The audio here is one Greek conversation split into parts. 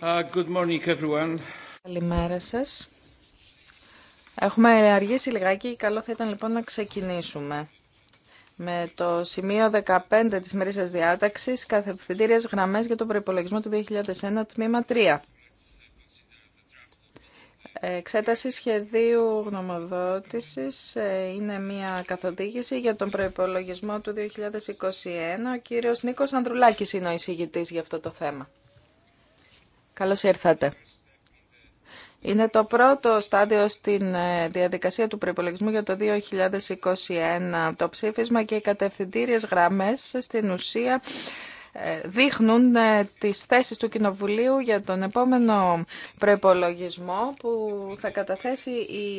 Uh, Καλημέρα σας. Έχουμε αργήσει λιγάκι, καλό θα ήταν λοιπόν να ξεκινήσουμε. Με το σημείο 15 της μερίσας διάταξης, καθευθυντήριας γραμμές για τον προϋπολογισμό του 2001, τμήμα 3. Εξέταση σχεδίου γνωμοδότησης ε, είναι μια καθοδήγηση για τον προϋπολογισμό του 2021. Ο κύριος Νίκος Ανδρουλάκης είναι ο εισηγητής για αυτό το θέμα. Καλώς ήρθατε. Είναι το πρώτο στάδιο στην ε, διαδικασία του προϋπολογισμού για το 2021. Το ψήφισμα και οι κατευθυντήριες γραμμές στην ουσία ε, δείχνουν ε, τις θέσεις του Κοινοβουλίου για τον επόμενο προϋπολογισμό που θα καταθέσει η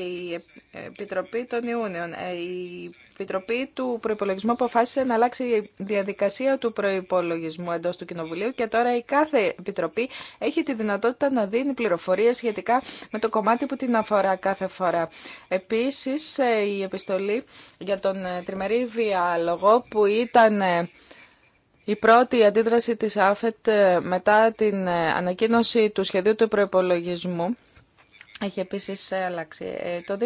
Επιτροπή των Ιούνιων. Ε, η Επιτροπή του Προϋπολογισμού αποφάσισε να αλλάξει η διαδικασία του προϋπολογισμού εντός του Κοινοβουλίου και τώρα η κάθε Επιτροπή έχει τη δυνατότητα να δίνει πληροφορίες σχετικά με το κομμάτι που την αφορά κάθε φορά. Επίσης, η επιστολή για τον τριμερή διάλογο που ήταν η πρώτη αντίδραση της ΑΦΕΤ ε, μετά την ε, ανακοίνωση του σχεδίου του προϋπολογισμού έχει επίσης αλλάξει. Ε, το 2021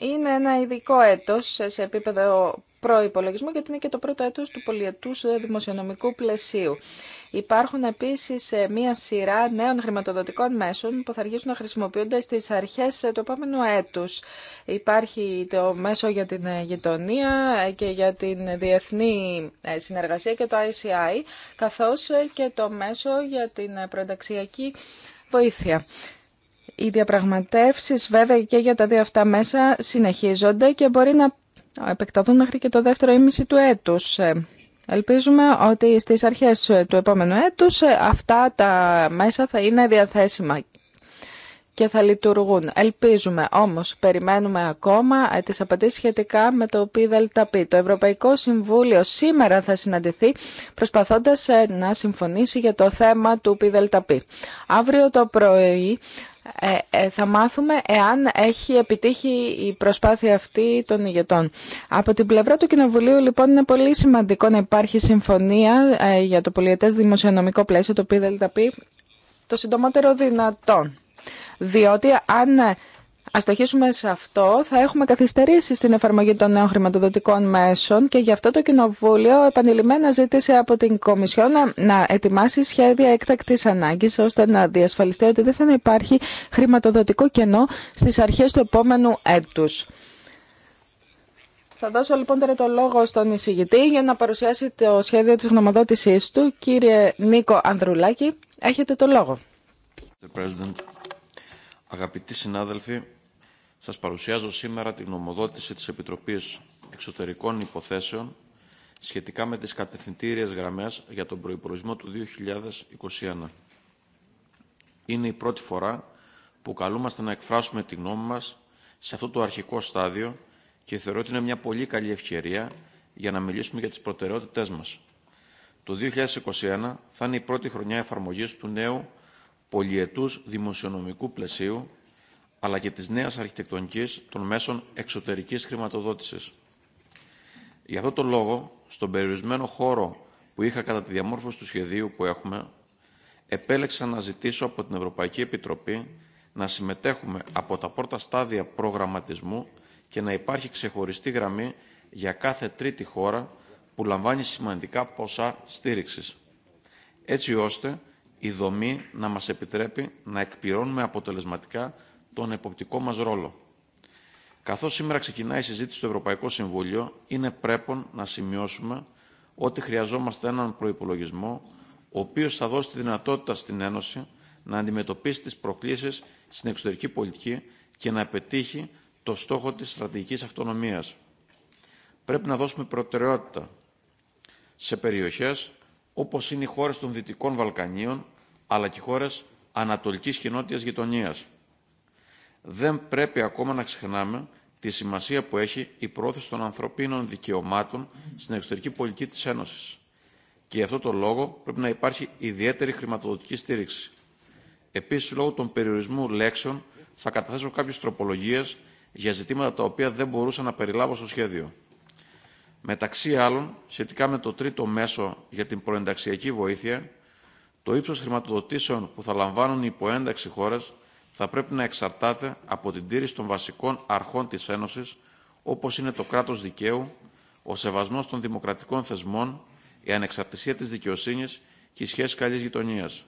είναι ένα ειδικό έτος σε επίπεδο προϋπολογισμού γιατί είναι και το πρώτο έτος του πολιετούς δημοσιονομικού πλαισίου. Υπάρχουν επίσης ε, μία σειρά νέων χρηματοδοτικών μέσων που θα αρχίσουν να χρησιμοποιούνται στις αρχές του επόμενου έτους. Υπάρχει το μέσο για την ε, γειτονία και για την διεθνή συνεργασία και το ICI καθώς και το μέσο για την προενταξιακή βοήθεια. Οι διαπραγματεύσεις βέβαια και για τα δύο αυτά μέσα συνεχίζονται και μπορεί να επεκταθούν μέχρι και το δεύτερο ήμιση του έτους. Ε, ελπίζουμε ότι στις αρχές του επόμενου έτους ε, αυτά τα μέσα θα είναι διαθέσιμα και θα λειτουργούν. Ελπίζουμε όμως, περιμένουμε ακόμα ε, τις απαντήσεις σχετικά με το ΠΔΠ. Το Ευρωπαϊκό Συμβούλιο σήμερα θα συναντηθεί προσπαθώντας να συμφωνήσει για το θέμα του ΠΔΠ. Αύριο το πρωί ε, ε, θα μάθουμε εάν έχει επιτύχει η προσπάθεια αυτή των ηγετών. Από την πλευρά του Κοινοβουλίου λοιπόν είναι πολύ σημαντικό να υπάρχει συμφωνία ε, για το πολιετές δημοσιονομικό πλαίσιο, το οποίο δεν πει το συντομότερο δυνατόν. Διότι αν Α στοχίσουμε σε αυτό, θα έχουμε καθυστερήσει στην εφαρμογή των νέων χρηματοδοτικών μέσων και γι' αυτό το Κοινοβούλιο επανειλημμένα ζήτησε από την Κομισιό να, ετοιμάσει σχέδια έκτακτη ανάγκη ώστε να διασφαλιστεί ότι δεν θα υπάρχει χρηματοδοτικό κενό στι αρχέ του επόμενου έτου. Θα δώσω λοιπόν τώρα το λόγο στον εισηγητή για να παρουσιάσει το σχέδιο της γνωμοδότησής του. Κύριε Νίκο Ανδρουλάκη, έχετε το λόγο. Αγαπητοί συνάδελφοι, σας παρουσιάζω σήμερα την νομοδότηση της Επιτροπής Εξωτερικών Υποθέσεων σχετικά με τις κατευθυντήριες γραμμές για τον προϋπολογισμό του 2021. Είναι η πρώτη φορά που καλούμαστε να εκφράσουμε τη γνώμη μας σε αυτό το αρχικό στάδιο και θεωρώ ότι είναι μια πολύ καλή ευκαιρία για να μιλήσουμε για τις προτεραιότητές μας. Το 2021 θα είναι η πρώτη χρονιά εφαρμογής του νέου πολιετούς δημοσιονομικού πλαισίου αλλά και της νέας αρχιτεκτονικής των μέσων εξωτερικής χρηματοδότησης. Για αυτό τον λόγο, στον περιορισμένο χώρο που είχα κατά τη διαμόρφωση του σχεδίου που έχουμε, επέλεξα να ζητήσω από την Ευρωπαϊκή Επιτροπή να συμμετέχουμε από τα πρώτα στάδια προγραμματισμού και να υπάρχει ξεχωριστή γραμμή για κάθε τρίτη χώρα που λαμβάνει σημαντικά ποσά στήριξης. Έτσι ώστε η δομή να μας επιτρέπει να εκπληρώνουμε αποτελεσματικά τον εποπτικό μας ρόλο. Καθώς σήμερα ξεκινάει η συζήτηση στο Ευρωπαϊκό Συμβούλιο, είναι πρέπον να σημειώσουμε ότι χρειαζόμαστε έναν προϋπολογισμό, ο οποίος θα δώσει τη δυνατότητα στην Ένωση να αντιμετωπίσει τις προκλήσεις στην εξωτερική πολιτική και να πετύχει το στόχο της στρατηγικής αυτονομίας. Πρέπει να δώσουμε προτεραιότητα σε περιοχές όπως είναι οι χώρες των Δυτικών Βαλκανίων, αλλά και οι χώρες Ανατολικής Κοινότητας δεν πρέπει ακόμα να ξεχνάμε τη σημασία που έχει η πρόθεση των ανθρωπίνων δικαιωμάτων στην εξωτερική πολιτική της Ένωσης. Και γι' αυτό το λόγο πρέπει να υπάρχει ιδιαίτερη χρηματοδοτική στήριξη. Επίσης, λόγω των περιορισμού λέξεων, θα καταθέσω κάποιες τροπολογίες για ζητήματα τα οποία δεν μπορούσα να περιλάβω στο σχέδιο. Μεταξύ άλλων, σχετικά με το τρίτο μέσο για την προενταξιακή βοήθεια, το ύψος χρηματοδοτήσεων που θα λαμβάνουν οι υποένταξη χώρες θα πρέπει να εξαρτάται από την τήρηση των βασικών αρχών της Ένωσης, όπως είναι το κράτος δικαίου, ο σεβασμός των δημοκρατικών θεσμών, η ανεξαρτησία της δικαιοσύνης και οι σχέσεις καλής γειτονίας.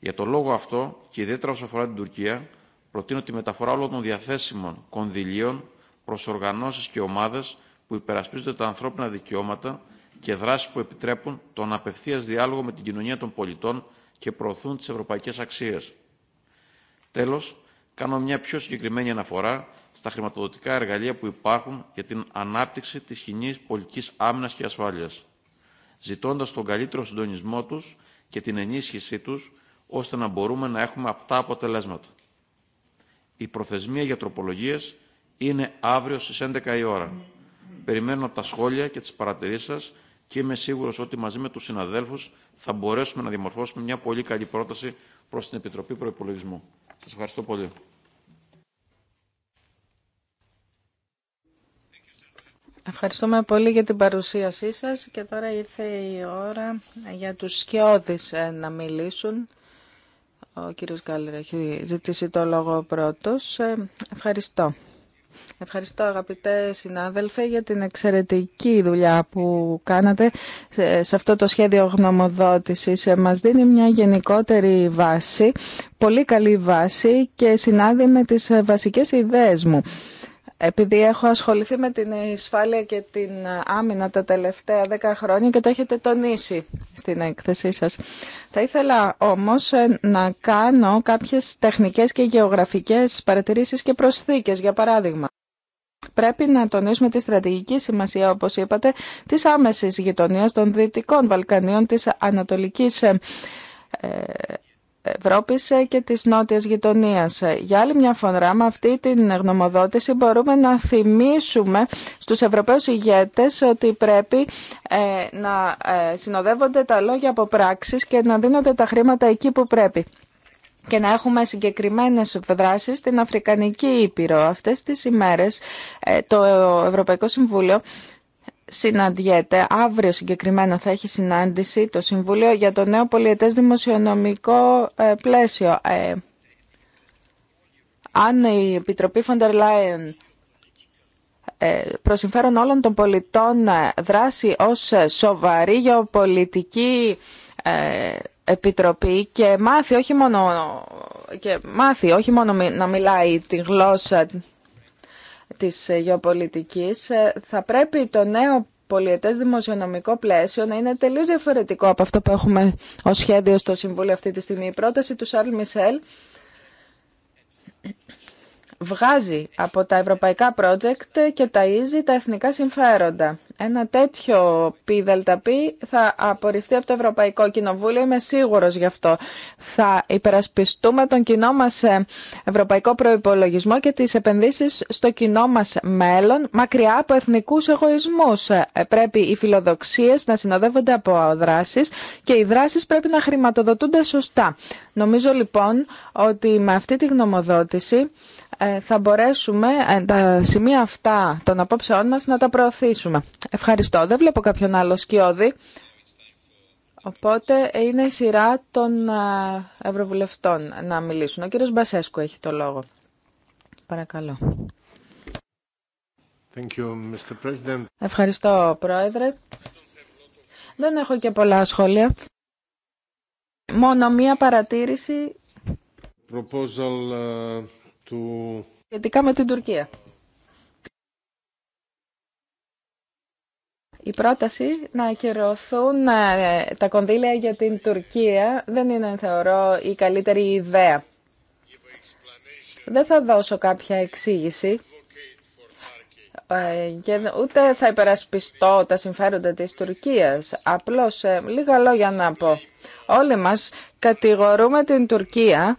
Για τον λόγο αυτό και ιδιαίτερα όσο αφορά την Τουρκία, προτείνω τη μεταφορά όλων των διαθέσιμων κονδυλίων προ οργανώσει και ομάδε που υπερασπίζονται τα ανθρώπινα δικαιώματα και δράσει που επιτρέπουν τον απευθεία διάλογο με την κοινωνία των πολιτών και προωθούν τι ευρωπαϊκέ αξίε. Τέλο, κάνω μια πιο συγκεκριμένη αναφορά στα χρηματοδοτικά εργαλεία που υπάρχουν για την ανάπτυξη τη κοινή πολιτική άμυνα και ασφάλεια, ζητώντα τον καλύτερο συντονισμό του και την ενίσχυσή του, ώστε να μπορούμε να έχουμε απτά αποτελέσματα. Η προθεσμία για τροπολογίε είναι αύριο στι 11 η ώρα. Περιμένω τα σχόλια και τι παρατηρήσει σα και είμαι σίγουρο ότι μαζί με του συναδέλφου θα μπορέσουμε να δημορφώσουμε μια πολύ καλή πρόταση προ την Επιτροπή Προπολογισμού. Σας ευχαριστώ πολύ. Ευχαριστούμε πολύ για την παρουσίασή σας και τώρα ήρθε η ώρα για τους σκιώδεις ε, να μιλήσουν. Ο κύριος Γκάλερ έχει ζητήσει το λόγο πρώτος. Ε, ευχαριστώ. Ευχαριστώ αγαπητέ συνάδελφε για την εξαιρετική δουλειά που κάνατε σε αυτό το σχέδιο γνωμοδότησης. Ε, μας δίνει μια γενικότερη βάση, πολύ καλή βάση και συνάδει με τις ε, βασικές ιδέες μου. Επειδή έχω ασχοληθεί με την ασφάλεια και την ε, άμυνα τα τελευταία δέκα χρόνια και το έχετε τονίσει στην έκθεσή σας. Θα ήθελα όμως να κάνω κάποιες τεχνικές και γεωγραφικές παρατηρήσεις και προσθήκες, για παράδειγμα. Πρέπει να τονίσουμε τη στρατηγική σημασία, όπως είπατε, της άμεσης γειτονίας των Δυτικών Βαλκανίων, της Ανατολικής ε, ε, Ευρώπης ε, και της νότιας γειτονίας. Για άλλη μια φορά με αυτή την γνωμοδότηση μπορούμε να θυμίσουμε στους Ευρωπαίους ηγέτες ότι πρέπει να συνοδεύονται τα λόγια από πράξεις και να δίνονται τα χρήματα εκεί που πρέπει και να έχουμε συγκεκριμένες δράσεις στην Αφρικανική Ήπειρο. Αυτές τις ημέρες ε, το Ευρωπαϊκό Συμβούλιο συναντιέται, αύριο συγκεκριμένα θα έχει συνάντηση το Συμβούλιο για το νέο πολιετές δημοσιονομικό ε, πλαίσιο. Ε, αν η Επιτροπή Φοντερ Λάιεν τον όλων των πολιτών δράσει ως σοβαρή γεωπολιτική Επιτροπή και μάθει όχι μόνο, και μάθει, όχι μόνο να μιλάει τη γλώσσα της γεωπολιτικής, ε, θα πρέπει το νέο πολιετές δημοσιονομικό πλαίσιο να είναι τελείως διαφορετικό από αυτό που έχουμε ως σχέδιο στο Συμβούλιο αυτή τη στιγμή. Η πρόταση του Σαρλ Μισελ βγάζει από τα ευρωπαϊκά project και ταΐζει τα εθνικά συμφέροντα. Ένα τέτοιο ΠΔΠ θα απορριφθεί από το Ευρωπαϊκό Κοινοβούλιο, είμαι σίγουρος γι' αυτό. Θα υπερασπιστούμε τον κοινό μας ε, ευρωπαϊκό προϋπολογισμό και τις επενδύσεις στο κοινό μας μέλλον, μακριά από εθνικούς εγωισμούς. Ε, πρέπει οι φιλοδοξίες να συνοδεύονται από δράσεις και οι δράσεις πρέπει να χρηματοδοτούνται σωστά. Νομίζω λοιπόν ότι με αυτή τη γνωμοδότηση ε, θα μπορέσουμε ε, τα σημεία αυτά των απόψεών μας να τα προωθήσουμε. Ευχαριστώ. Δεν βλέπω κάποιον άλλο σκιώδη. Οπότε είναι η σειρά των ε, ευρωβουλευτών να μιλήσουν. Ο κύριος Μπασέσκου έχει το λόγο. Παρακαλώ. you, Ευχαριστώ, Πρόεδρε. Δεν έχω και πολλά σχόλια. Μόνο μία παρατήρηση. Proposal, του... Σχετικά με την Τουρκία. Η πρόταση να ακυρωθούν ε, τα κονδύλια για την Τουρκία δεν είναι, θεωρώ, η καλύτερη ιδέα. Δεν θα δώσω κάποια εξήγηση ε, και ούτε θα υπερασπιστώ τα συμφέροντα της Τουρκίας. Απλώς ε, λίγα λόγια να πω. Όλοι μας κατηγορούμε την Τουρκία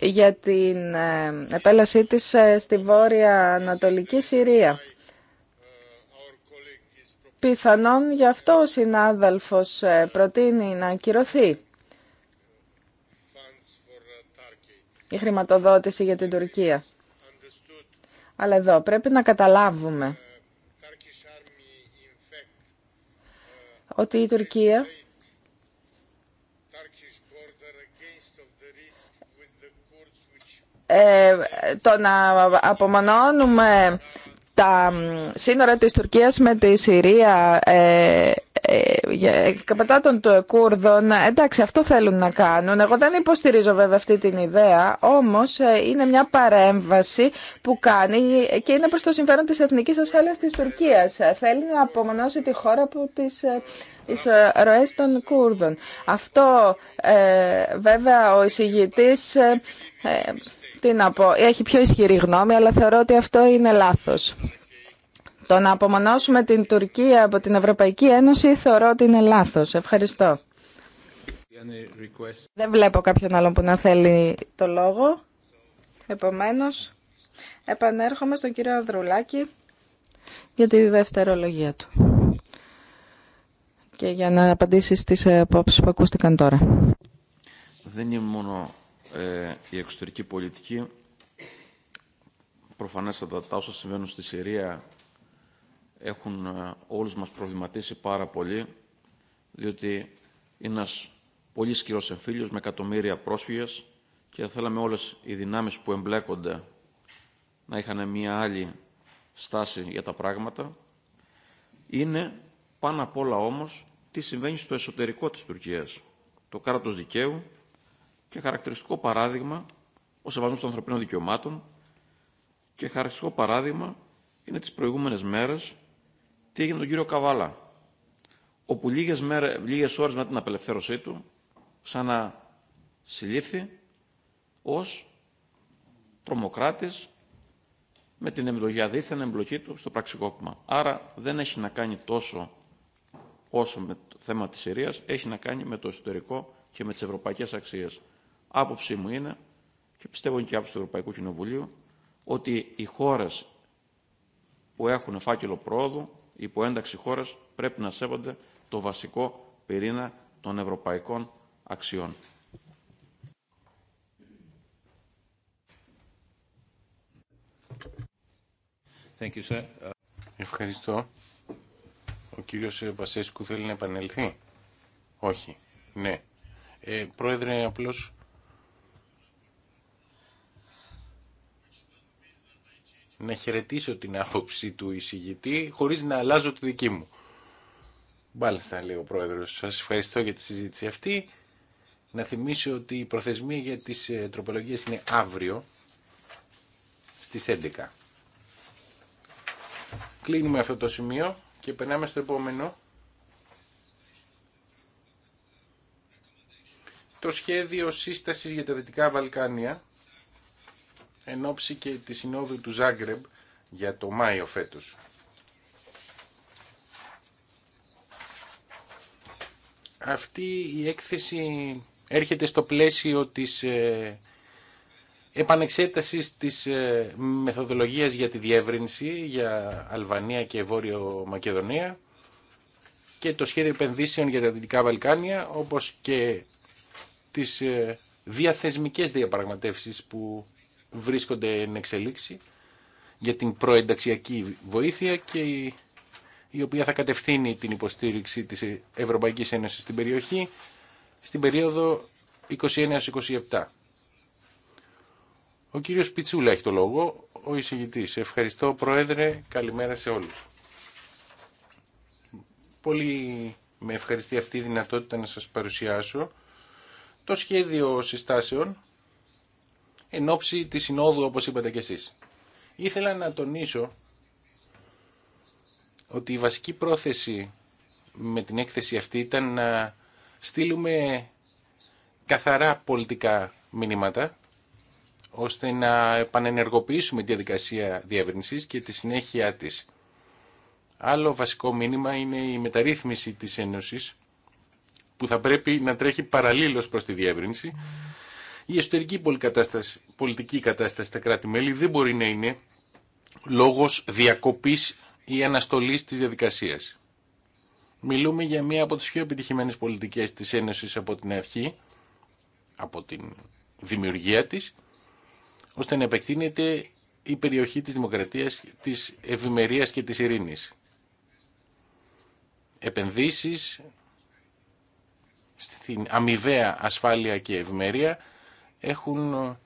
για την ε, επέλασή της ε, στη βόρεια Ανατολική Συρία. Πιθανόν γι' αυτό ο συνάδελφος ε, προτείνει να ακυρωθεί η χρηματοδότηση για την Τουρκία. Αλλά εδώ πρέπει να καταλάβουμε ότι η Τουρκία Ε, το να απομονώνουμε τα σύνορα της Τουρκίας με τη Συρία ε, ε, ε των του Κούρδων, εντάξει αυτό θέλουν να κάνουν. Εγώ δεν υποστηρίζω βέβαια αυτή την ιδέα, όμως ε, είναι μια παρέμβαση που κάνει και είναι προς το συμφέρον της εθνικής ασφάλειας της Τουρκίας. Θέλει να απομονώσει τη χώρα από της τις ροές των Κούρδων. Αυτό ε, βέβαια ο εισηγητής τι να έχει πιο ισχυρή γνώμη, αλλά θεωρώ ότι αυτό είναι λάθος. Το να απομονώσουμε την Τουρκία από την Ευρωπαϊκή Ένωση θεωρώ ότι είναι λάθος. Ευχαριστώ. Δεν βλέπω κάποιον άλλον που να θέλει το λόγο. Επομένως, επανέρχομαι στον κύριο Ανδρουλάκη για τη δευτερολογία του και για να απαντήσει στις ε, απόψεις που ακούστηκαν τώρα. Δεν είναι μόνο ε, η εξωτερική πολιτική. Προφανέστατα τα όσα συμβαίνουν στη Συρία έχουν ε, όλους μας προβληματίσει πάρα πολύ, διότι είναι ένας πολύ σκληρός εμφύλιος με εκατομμύρια πρόσφυγες και θέλαμε όλες οι δυνάμεις που εμπλέκονται να είχαν μια άλλη στάση για τα πράγματα. Είναι πάνω απ' όλα όμως τι συμβαίνει στο εσωτερικό της Τουρκίας. Το κράτος δικαίου, και χαρακτηριστικό παράδειγμα ο σεβασμό των ανθρωπίνων δικαιωμάτων και χαρακτηριστικό παράδειγμα είναι τι προηγούμενε μέρε τι έγινε τον κύριο Καβάλα, όπου λίγε λίγες ώρες μετά την απελευθέρωσή του ξανασυλλήφθη ω τρομοκράτη με την αδίθεν εμπλοκή του στο πραξικόπημα. Άρα δεν έχει να κάνει τόσο όσο με το θέμα της Συρίας, έχει να κάνει με το εσωτερικό και με τις ευρωπαϊκές αξίες. Άποψή μου είναι, και πιστεύω είναι και άποψη του Ευρωπαϊκού Κοινοβουλίου, ότι οι χώρες που έχουν φάκελο πρόοδου, που ένταξη χώρες, πρέπει να σέβονται το βασικό πυρήνα των ευρωπαϊκών αξιών. Thank you, Ευχαριστώ. Ο κύριος Πασέσκου θέλει να επανελθεί. Όχι. Ναι. Ε, πρόεδρε, απλώς να χαιρετήσω την άποψη του εισηγητή χωρίς να αλλάζω τη δική μου. Μάλιστα, λέει ο Πρόεδρος. Σας ευχαριστώ για τη συζήτηση αυτή. Να θυμίσω ότι η προθεσμία για τις ε, τροπολογίες είναι αύριο στις 11. Κλείνουμε αυτό το σημείο και περνάμε στο επόμενο. Το σχέδιο σύστασης για τα Δυτικά Βαλκάνια εν ώψη και τη συνόδου του Ζάγκρεμπ για το Μάιο φέτος. Αυτή η έκθεση έρχεται στο πλαίσιο της ε, επανεξέτασης της ε, μεθοδολογίας για τη διεύρυνση για Αλβανία και Βόρειο Μακεδονία και το σχέδιο επενδύσεων για τα Δυτικά Βαλκάνια όπως και τις ε, διαθεσμικές διαπραγματεύσεις που βρίσκονται εν εξελίξη για την προενταξιακή βοήθεια και η οποία θα κατευθύνει την υποστήριξη της Ευρωπαϊκής Ένωσης στην περιοχή στην περίοδο 21-27. Ο κύριος Πιτσούλα έχει το λόγο, ο εισηγητής. Ευχαριστώ Πρόεδρε, καλημέρα σε όλους. Πολύ με ευχαριστεί αυτή η δυνατότητα να σας παρουσιάσω το σχέδιο συστάσεων εν ώψη της συνόδου όπως είπατε κι εσείς. Ήθελα να τονίσω ότι η βασική πρόθεση με την έκθεση αυτή ήταν να στείλουμε καθαρά πολιτικά μηνύματα ώστε να επανενεργοποιήσουμε τη διαδικασία διεύρυνσης και τη συνέχεια της. Άλλο βασικό μήνυμα είναι η μεταρρύθμιση της Ένωσης που θα πρέπει να τρέχει παραλλήλως προς τη διεύρυνση η εσωτερική πολιτική κατάσταση στα κράτη-μέλη δεν μπορεί να είναι λόγος διακοπής ή αναστολής της διαδικασίας. Μιλούμε για μία από τις πιο επιτυχημένες πολιτικές της Ένωσης από την αρχή, από την δημιουργία της, ώστε να επεκτείνεται η περιοχή της δημοκρατίας, της ευημερία και της ειρήνης. Επενδύσεις στην αμοιβαία ασφάλεια και ευημερία έχουν ε,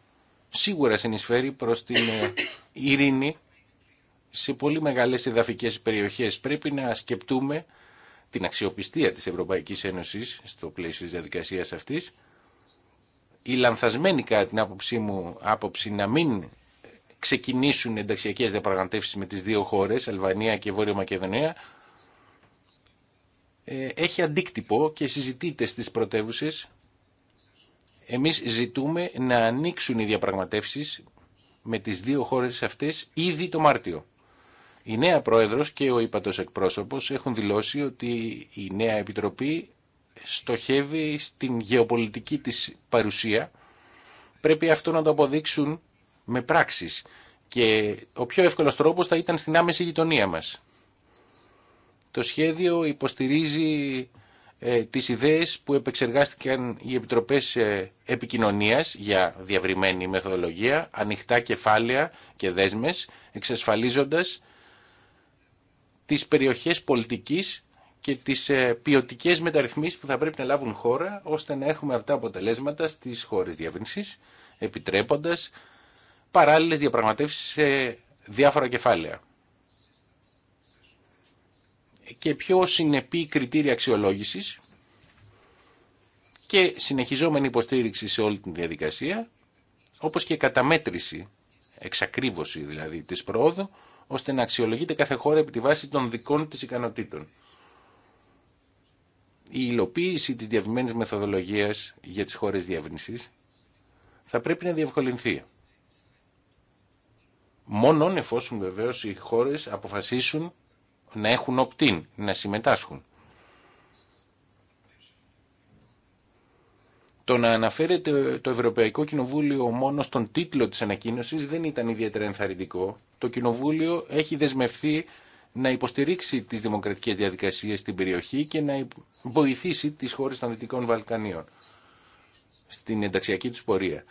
σίγουρα συνεισφέρει προς την ε, ειρήνη σε πολύ μεγάλες εδαφικές περιοχές. Πρέπει να σκεπτούμε την αξιοπιστία της Ευρωπαϊκής Ένωσης στο πλαίσιο της διαδικασίας αυτής. Η λανθασμένη κατά την άποψή μου άποψη να μην ξεκινήσουν ενταξιακές διαπραγματεύσεις με τις δύο χώρες, Αλβανία και Βόρεια Μακεδονία, ε, έχει αντίκτυπο και συζητείται στις πρωτεύουσε εμείς ζητούμε να ανοίξουν οι διαπραγματεύσεις με τις δύο χώρες αυτές ήδη το Μάρτιο. Η νέα πρόεδρος και ο ύπατος εκπρόσωπος έχουν δηλώσει ότι η νέα επιτροπή στοχεύει στην γεωπολιτική της παρουσία. Πρέπει αυτό να το αποδείξουν με πράξεις και ο πιο εύκολος τρόπος θα ήταν στην άμεση γειτονία μας. Το σχέδιο υποστηρίζει ε, τις ιδέες που επεξεργάστηκαν οι Επιτροπές ε, Επικοινωνίας για διαβριμένη μεθοδολογία, ανοιχτά κεφάλαια και δέσμες, εξασφαλίζοντας τις περιοχές πολιτικής και τις ε, ποιοτικέ μεταρρυθμίσεις που θα πρέπει να λάβουν χώρα, ώστε να έχουμε αυτά αποτελέσματα στις χώρες διαβρύνσης, επιτρέποντας παράλληλες διαπραγματεύσεις σε διάφορα κεφάλαια και πιο συνεπή κριτήρια αξιολόγησης και συνεχιζόμενη υποστήριξη σε όλη την διαδικασία, όπως και καταμέτρηση, εξακρίβωση δηλαδή της πρόοδου, ώστε να αξιολογείται κάθε χώρα επί τη βάση των δικών της ικανοτήτων. Η υλοποίηση της διαβημένης μεθοδολογίας για τις χώρες διεύρυνσης θα πρέπει να διευκολυνθεί. Μόνον εφόσον βεβαίως οι χώρες αποφασίσουν να έχουν να συμμετάσχουν. Το να αναφέρεται το Ευρωπαϊκό Κοινοβούλιο μόνο στον τίτλο της ανακοίνωσης δεν ήταν ιδιαίτερα ενθαρρυντικό. Το Κοινοβούλιο έχει δεσμευθεί να υποστηρίξει τις δημοκρατικές διαδικασίες στην περιοχή και να βοηθήσει τις χώρες των Δυτικών Βαλκανίων στην ενταξιακή τους πορεία.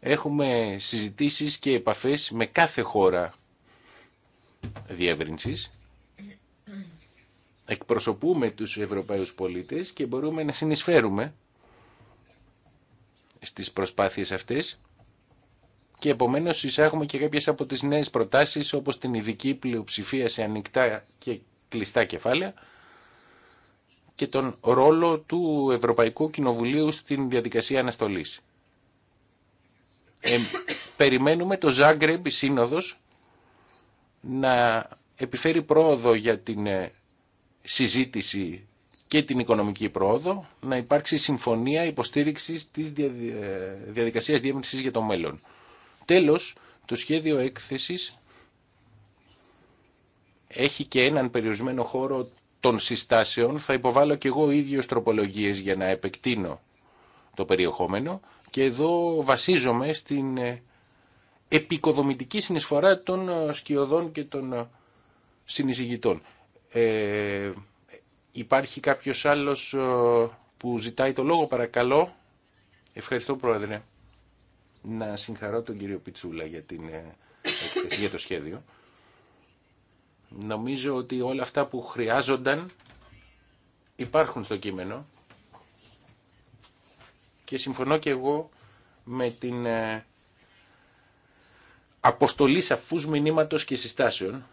Έχουμε συζητήσεις και επαφές με κάθε χώρα διεύρυνσης εκπροσωπούμε τους Ευρωπαίους πολίτες και μπορούμε να συνεισφέρουμε στις προσπάθειες αυτές και επομένως εισάγουμε και κάποιες από τις νέες προτάσεις όπως την ειδική πλειοψηφία σε ανοιχτά και κλειστά κεφάλαια και τον ρόλο του Ευρωπαϊκού Κοινοβουλίου στην διαδικασία αναστολής. Ε, περιμένουμε το Ζάγκρεμπ, Σύνοδος, να επιφέρει πρόοδο για την ε, συζήτηση και την οικονομική πρόοδο να υπάρξει συμφωνία υποστήριξης της διαδικασίας διεύρυνση για το μέλλον. Τέλος, το σχέδιο έκθεση έχει και έναν περιορισμένο χώρο των συστάσεων. Θα υποβάλω και εγώ ίδιο τροπολογίες για να επεκτείνω το περιεχόμενο και εδώ βασίζομαι στην ε, επικοδομητική συνεισφορά των ε, σκιωδών και των ε, συνεισηγητών. Ε, υπάρχει κάποιος άλλος ε, που ζητάει το λόγο παρακαλώ. Ευχαριστώ Πρόεδρε. Να συγχαρώ τον κύριο Πιτσούλα για, την, ε, για το σχέδιο. Νομίζω ότι όλα αυτά που χρειάζονταν υπάρχουν στο κείμενο και συμφωνώ και εγώ με την αποστολή σαφούς μηνύματος και συστάσεων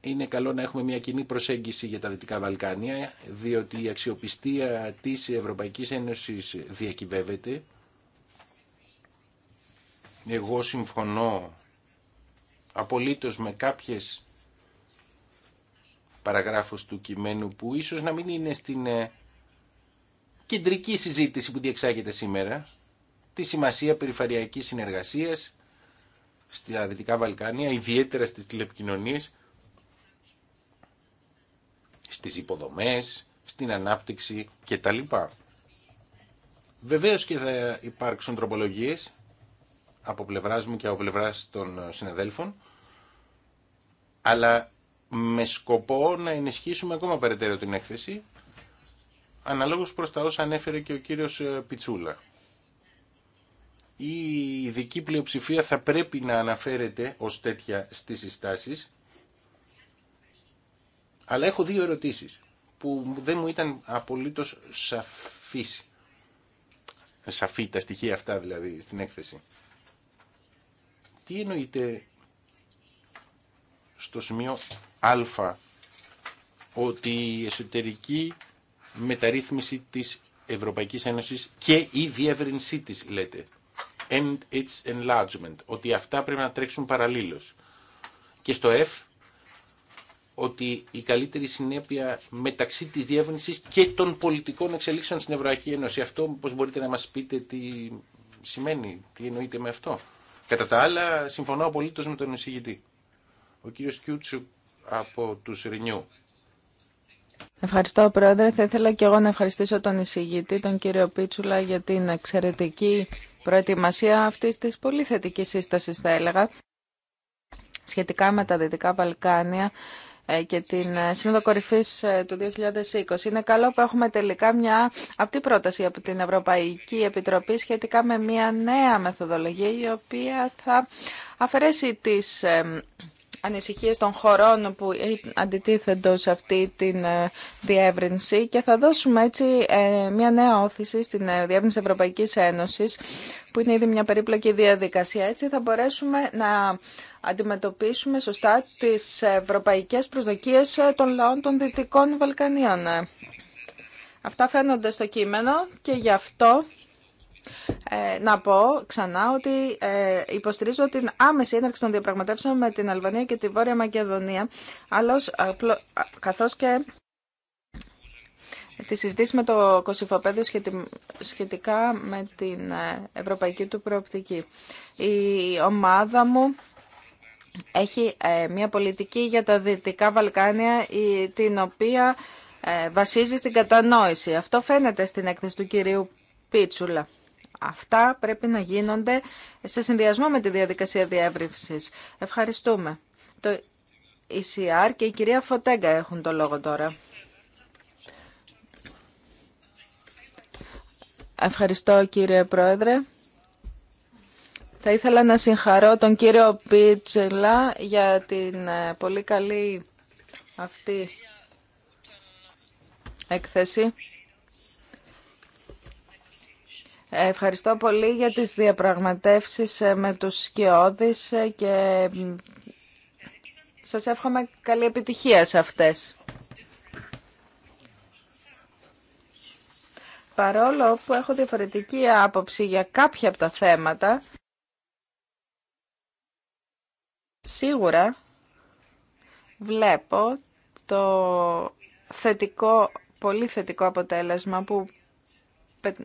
είναι καλό να έχουμε μια κοινή προσέγγιση για τα Δυτικά Βαλκάνια, διότι η αξιοπιστία της Ευρωπαϊκής Ένωσης διακυβεύεται. Εγώ συμφωνώ απολύτως με κάποιες παραγράφους του κειμένου που ίσως να μην είναι στην ε, κεντρική συζήτηση που διεξάγεται σήμερα, τη σημασία περιφερειακής συνεργασίας στα Δυτικά Βαλκάνια, ιδιαίτερα στις τηλεπικοινωνίες, στις υποδομές, στην ανάπτυξη κτλ. Βεβαίως και θα υπάρξουν τροπολογίες από πλευράς μου και από πλευράς των συναδέλφων, αλλά με σκοπό να ενισχύσουμε ακόμα περαιτέρω την έκθεση, αναλόγως προς τα όσα ανέφερε και ο κύριος Πιτσούλα. Η ειδική πλειοψηφία θα πρέπει να αναφέρεται ως τέτοια στις συστάσεις, αλλά έχω δύο ερωτήσεις που δεν μου ήταν απολύτως σαφής. Σαφή τα στοιχεία αυτά δηλαδή στην έκθεση. Τι εννοείται στο σημείο α ότι η εσωτερική μεταρρύθμιση της Ευρωπαϊκής Ένωσης και η διεύρυνσή της λέτε and its enlargement ότι αυτά πρέπει να τρέξουν παραλλήλως και στο F ότι η καλύτερη συνέπεια μεταξύ της διεύρυνσης και των πολιτικών εξελίξεων στην Ευρωπαϊκή Ένωση. Αυτό πώς μπορείτε να μας πείτε τι σημαίνει, τι εννοείται με αυτό. Κατά τα άλλα, συμφωνώ απολύτως με τον εισηγητή. Ο κύριος Κιούτσου από τους Ρινιού. Ευχαριστώ, Πρόεδρε. Θα ήθελα και εγώ να ευχαριστήσω τον εισηγητή, τον κύριο Πίτσουλα, για την εξαιρετική προετοιμασία αυτής της πολύ θετικής σύστασης, θα έλεγα σχετικά με τα Δυτικά Βαλκάνια ε, και την ε, Σύνοδο Κορυφή ε, του 2020. Είναι καλό που έχουμε τελικά μια απτή πρόταση από την Ευρωπαϊκή Επιτροπή σχετικά με μια νέα μεθοδολογία η οποία θα αφαιρέσει τις ανησυχίες των χωρών που αντιτίθεντο σε αυτή την διεύρυνση και θα δώσουμε έτσι μια νέα όθηση στην διεύρυνση Ευρωπαϊκής Ένωσης που είναι ήδη μια περίπλοκη διαδικασία. Έτσι θα μπορέσουμε να αντιμετωπίσουμε σωστά τις ευρωπαϊκές προσδοκίες ε, των λαών των Δυτικών Βαλκανίων. Ε, αυτά φαίνονται στο κείμενο και γι' αυτό ε, να πω ξανά ότι ε, υποστηρίζω την άμεση έναρξη των διαπραγματεύσεων με την Αλβανία και τη Βόρεια Μακεδονία, άλλος, καθώς και τη συζήτηση με το Κωσυφοπέδιο σχετικά με την ευρωπαϊκή του προοπτική. Η ομάδα μου έχει ε, μια πολιτική για τα Δυτικά Βαλκάνια την οποία ε, βασίζει στην κατανόηση. Αυτό φαίνεται στην έκθεση του κυρίου Πίτσουλα. Αυτά πρέπει να γίνονται σε συνδυασμό με τη διαδικασία διεύρυνσης. Ευχαριστούμε. Το ECR και η κυρία Φωτέγκα έχουν το λόγο τώρα. Ευχαριστώ κύριε Πρόεδρε. Θα ήθελα να συγχαρώ τον κύριο Πίτσελα για την ε, πολύ καλή αυτή έκθεση. Ευχαριστώ πολύ για τις διαπραγματεύσεις ε, με τους σκιώδεις ε, και σας εύχομαι καλή επιτυχία σε αυτές. Παρόλο που έχω διαφορετική άποψη για κάποια από τα θέματα, Σίγουρα βλέπω το θετικό, πολύ θετικό αποτέλεσμα που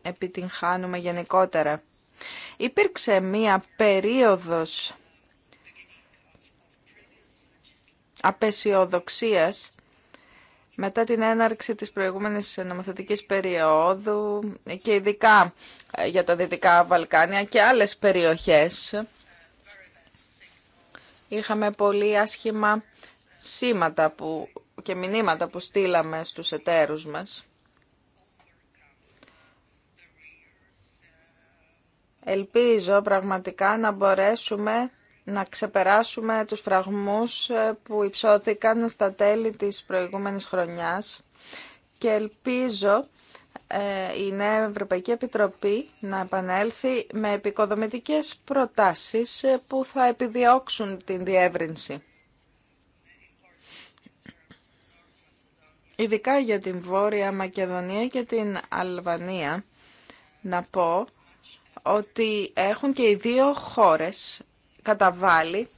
επιτυγχάνουμε γενικότερα. Υπήρξε μία περίοδος απεσιοδοξίας μετά την έναρξη της προηγούμενης νομοθετικής περίοδου και ειδικά ε, για τα Δυτικά Βαλκάνια και άλλες περιοχές Είχαμε πολύ άσχημα σήματα που, και μηνύματα που στείλαμε στους εταίρους μας. Ελπίζω πραγματικά να μπορέσουμε να ξεπεράσουμε τους φραγμούς ε, που υψώθηκαν στα τέλη της προηγούμενης χρονιάς και ελπίζω ε, η Νέα Ευρωπαϊκή Επιτροπή να επανέλθει με επικοδομητικές προτάσεις ε, που θα επιδιώξουν την διεύρυνση. Ειδικά για την Βόρεια Μακεδονία και την Αλβανία, να πω ότι έχουν και οι δύο χώρες καταβάλει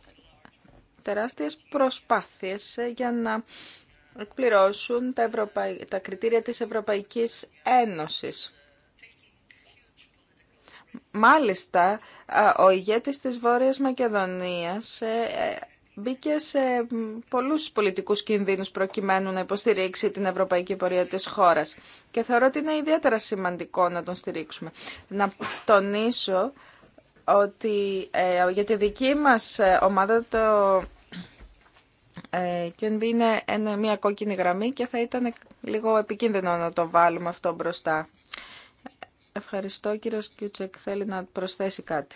τεράστιες προσπάθειες ε, για να εκπληρώσουν τα, τα κριτήρια της Ευρωπαϊκής Ένωσης. Μάλιστα, ο ηγέτης της Βόρειας Μακεδονίας ε, ε, μπήκε σε πολλούς πολιτικούς κινδύνους προκειμένου να υποστηρίξει την ευρωπαϊκή πορεία της χώρας. Και θεωρώ ότι είναι ιδιαίτερα σημαντικό να τον στηρίξουμε. Να τονίσω ότι ε, για τη δική μας ομάδα το ε, και είναι ένα, μια κόκκινη γραμμή και θα ήταν λίγο επικίνδυνο να το βάλουμε αυτό μπροστά. Ευχαριστώ. Κύριο Κιούτσεκ θέλει να προσθέσει κάτι.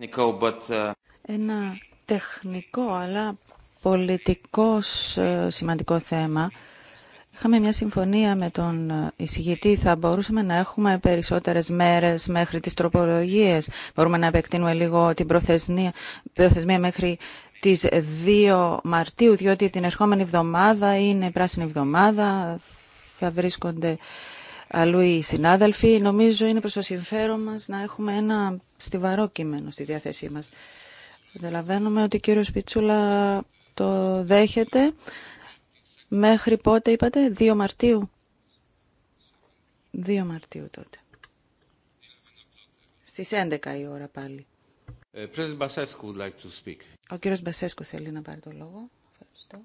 Ε, ένα τεχνικό αλλά πολιτικό ε, σημαντικό θέμα. Είχαμε μια συμφωνία με τον εισηγητή. Θα μπορούσαμε να έχουμε περισσότερες μέρες μέχρι τις τροπολογίες. Μπορούμε να επεκτείνουμε λίγο την προθεσμία μέχρι τις 2 Μαρτίου, διότι την ερχόμενη εβδομάδα είναι πράσινη εβδομάδα, θα βρίσκονται αλλού οι συνάδελφοι. Νομίζω είναι προς το συμφέρον μας να έχουμε ένα στιβαρό κείμενο στη διάθεσή μας. Δελαβαίνουμε ότι ο κύριος Πιτσούλα το δέχεται. Μέχρι πότε είπατε, 2 Μαρτίου. 2 Μαρτίου τότε. Στις 11 η ώρα πάλι. Ε, Basescu like to speak. Ο κύριος Μπασέσκου θέλει να πάρει το λόγο. Ευχαριστώ.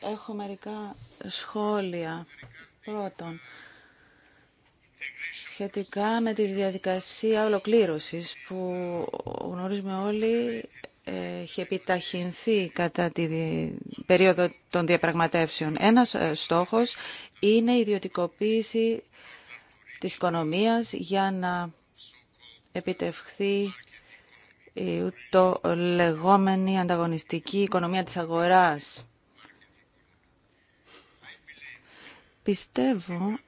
Έχω μερικά σχόλια. Πρώτον, σχετικά με τη διαδικασία ολοκλήρωσης που γνωρίζουμε όλοι έχει επιταχυνθεί κατά τη περίοδο των διαπραγματεύσεων. Ένας ε, στόχος είναι η ιδιωτικοποίηση της οικονομίας για να επιτευχθεί ε, το λεγόμενη ανταγωνιστική οικονομία της αγοράς. Πιστεύω,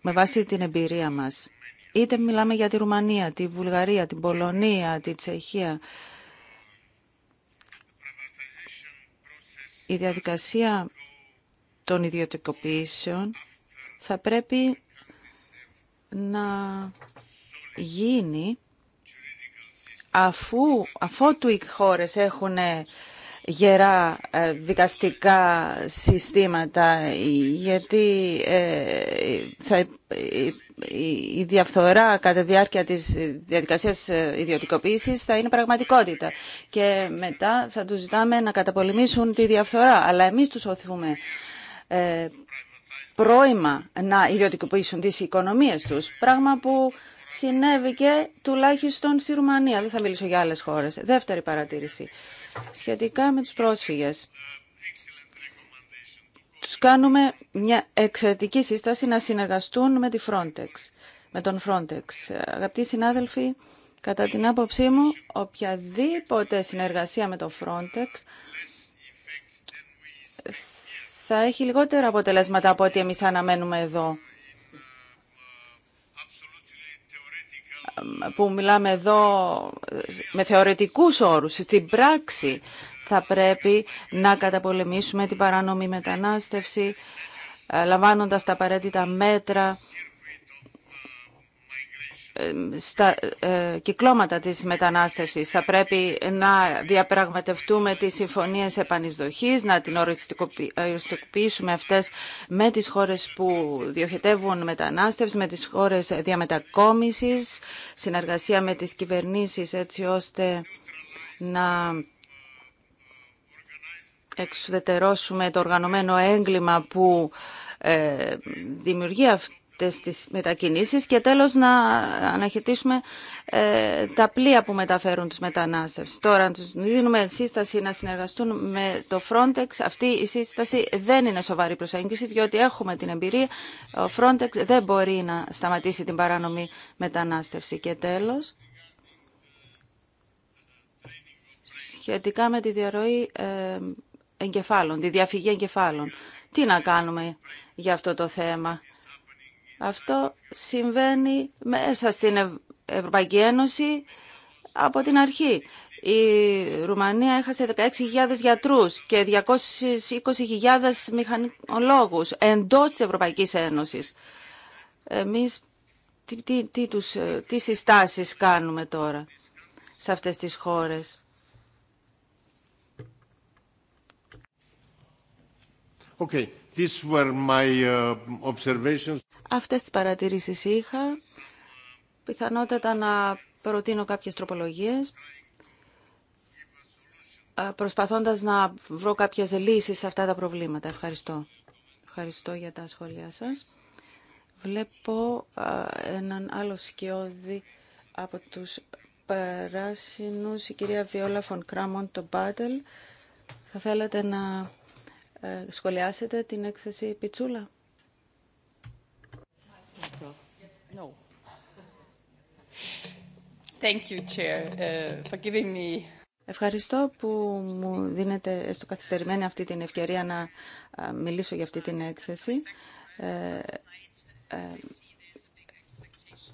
με βάση την εμπειρία μας, είτε μιλάμε για τη Ρουμανία, τη Βουλγαρία, την Πολωνία, τη Τσεχία, η διαδικασία των ιδιωτικοποιήσεων θα πρέπει να γίνει αφού, αφότου οι χώρες έχουν ε, γερά ε, δικαστικά συστήματα ε, γιατί θα, η διαφθορά κατά διάρκεια της διαδικασίας ιδιωτικοποίησης θα είναι πραγματικότητα και μετά θα τους ζητάμε να καταπολεμήσουν τη διαφθορά αλλά εμείς τους οθούμε πρόημα να ιδιωτικοποιήσουν τις οικονομίες τους πράγμα που Συνέβηκε τουλάχιστον στη Ρουμανία. Δεν θα μιλήσω για άλλες χώρες. Δεύτερη παρατήρηση. Σχετικά με τους πρόσφυγες. Τους κάνουμε μια εξαιρετική σύσταση να συνεργαστούν με τη Frontex, με τον Frontex. Αγαπητοί συνάδελφοι, κατά την άποψή μου, οποιαδήποτε συνεργασία με τον Frontex θα έχει λιγότερα αποτελέσματα από ό,τι εμείς αναμένουμε εδώ. που μιλάμε εδώ με θεωρητικούς όρους, στην πράξη θα πρέπει να καταπολεμήσουμε την παράνομη μετανάστευση, ε, λαμβάνοντας τα απαραίτητα μέτρα στα ε, κυκλώματα της μετανάστευσης. Θα πρέπει να διαπραγματευτούμε τις συμφωνίες επανεισδοχής, να την ε, οριστικοποιήσουμε αυτές με τις χώρες που διοχετεύουν μετανάστευση, με τις χώρες διαμετακόμισης, συνεργασία με τις κυβερνήσεις έτσι ώστε να εξουδετερώσουμε το οργανωμένο έγκλημα που ε, δημιουργεί αυτό αυτές τις μετακινήσεις και τέλος να αναχαιτήσουμε ε, τα πλοία που μεταφέρουν τους μετανάστευση. Τώρα τους δίνουμε σύσταση να συνεργαστούν με το Frontex. Αυτή η σύσταση δεν είναι σοβαρή προσέγγιση διότι έχουμε την εμπειρία. Ο Frontex δεν μπορεί να σταματήσει την παράνομη μετανάστευση. Και τέλος, σχετικά με τη διαρροή ε, εγκεφάλων, τη διαφυγή εγκεφάλων. Τι να κάνουμε για αυτό το θέμα. Αυτό συμβαίνει μέσα στην Ευρωπαϊκή Ένωση από την αρχή. Η Ρουμανία έχασε 16.000 γιατρούς και 220.000 μηχανολόγους εντός της Ευρωπαϊκής Ένωσης. Εμείς τι, τι, τι συστάσεις κάνουμε τώρα σε αυτές τις χώρες. Okay. These were my uh, observations. Αυτές τις παρατηρήσεις είχα. Πιθανότατα να προτείνω κάποιες τροπολογίες προσπαθώντας να βρω κάποιες λύσεις σε αυτά τα προβλήματα. Ευχαριστώ. Ευχαριστώ για τα σχόλιά σας. Βλέπω έναν άλλο σκιώδη από τους περάσινους, η κυρία Βιόλα Φων Κράμον, το Μπάτελ. Θα θέλατε να ε, σχολιάσετε την έκθεση Πιτσούλα. No. Thank you, Chair, uh, for Ευχαριστώ που μου δίνετε στο καθυστερημένο αυτή την ευκαιρία να μιλήσω για αυτή την έκθεση. Ε, ε,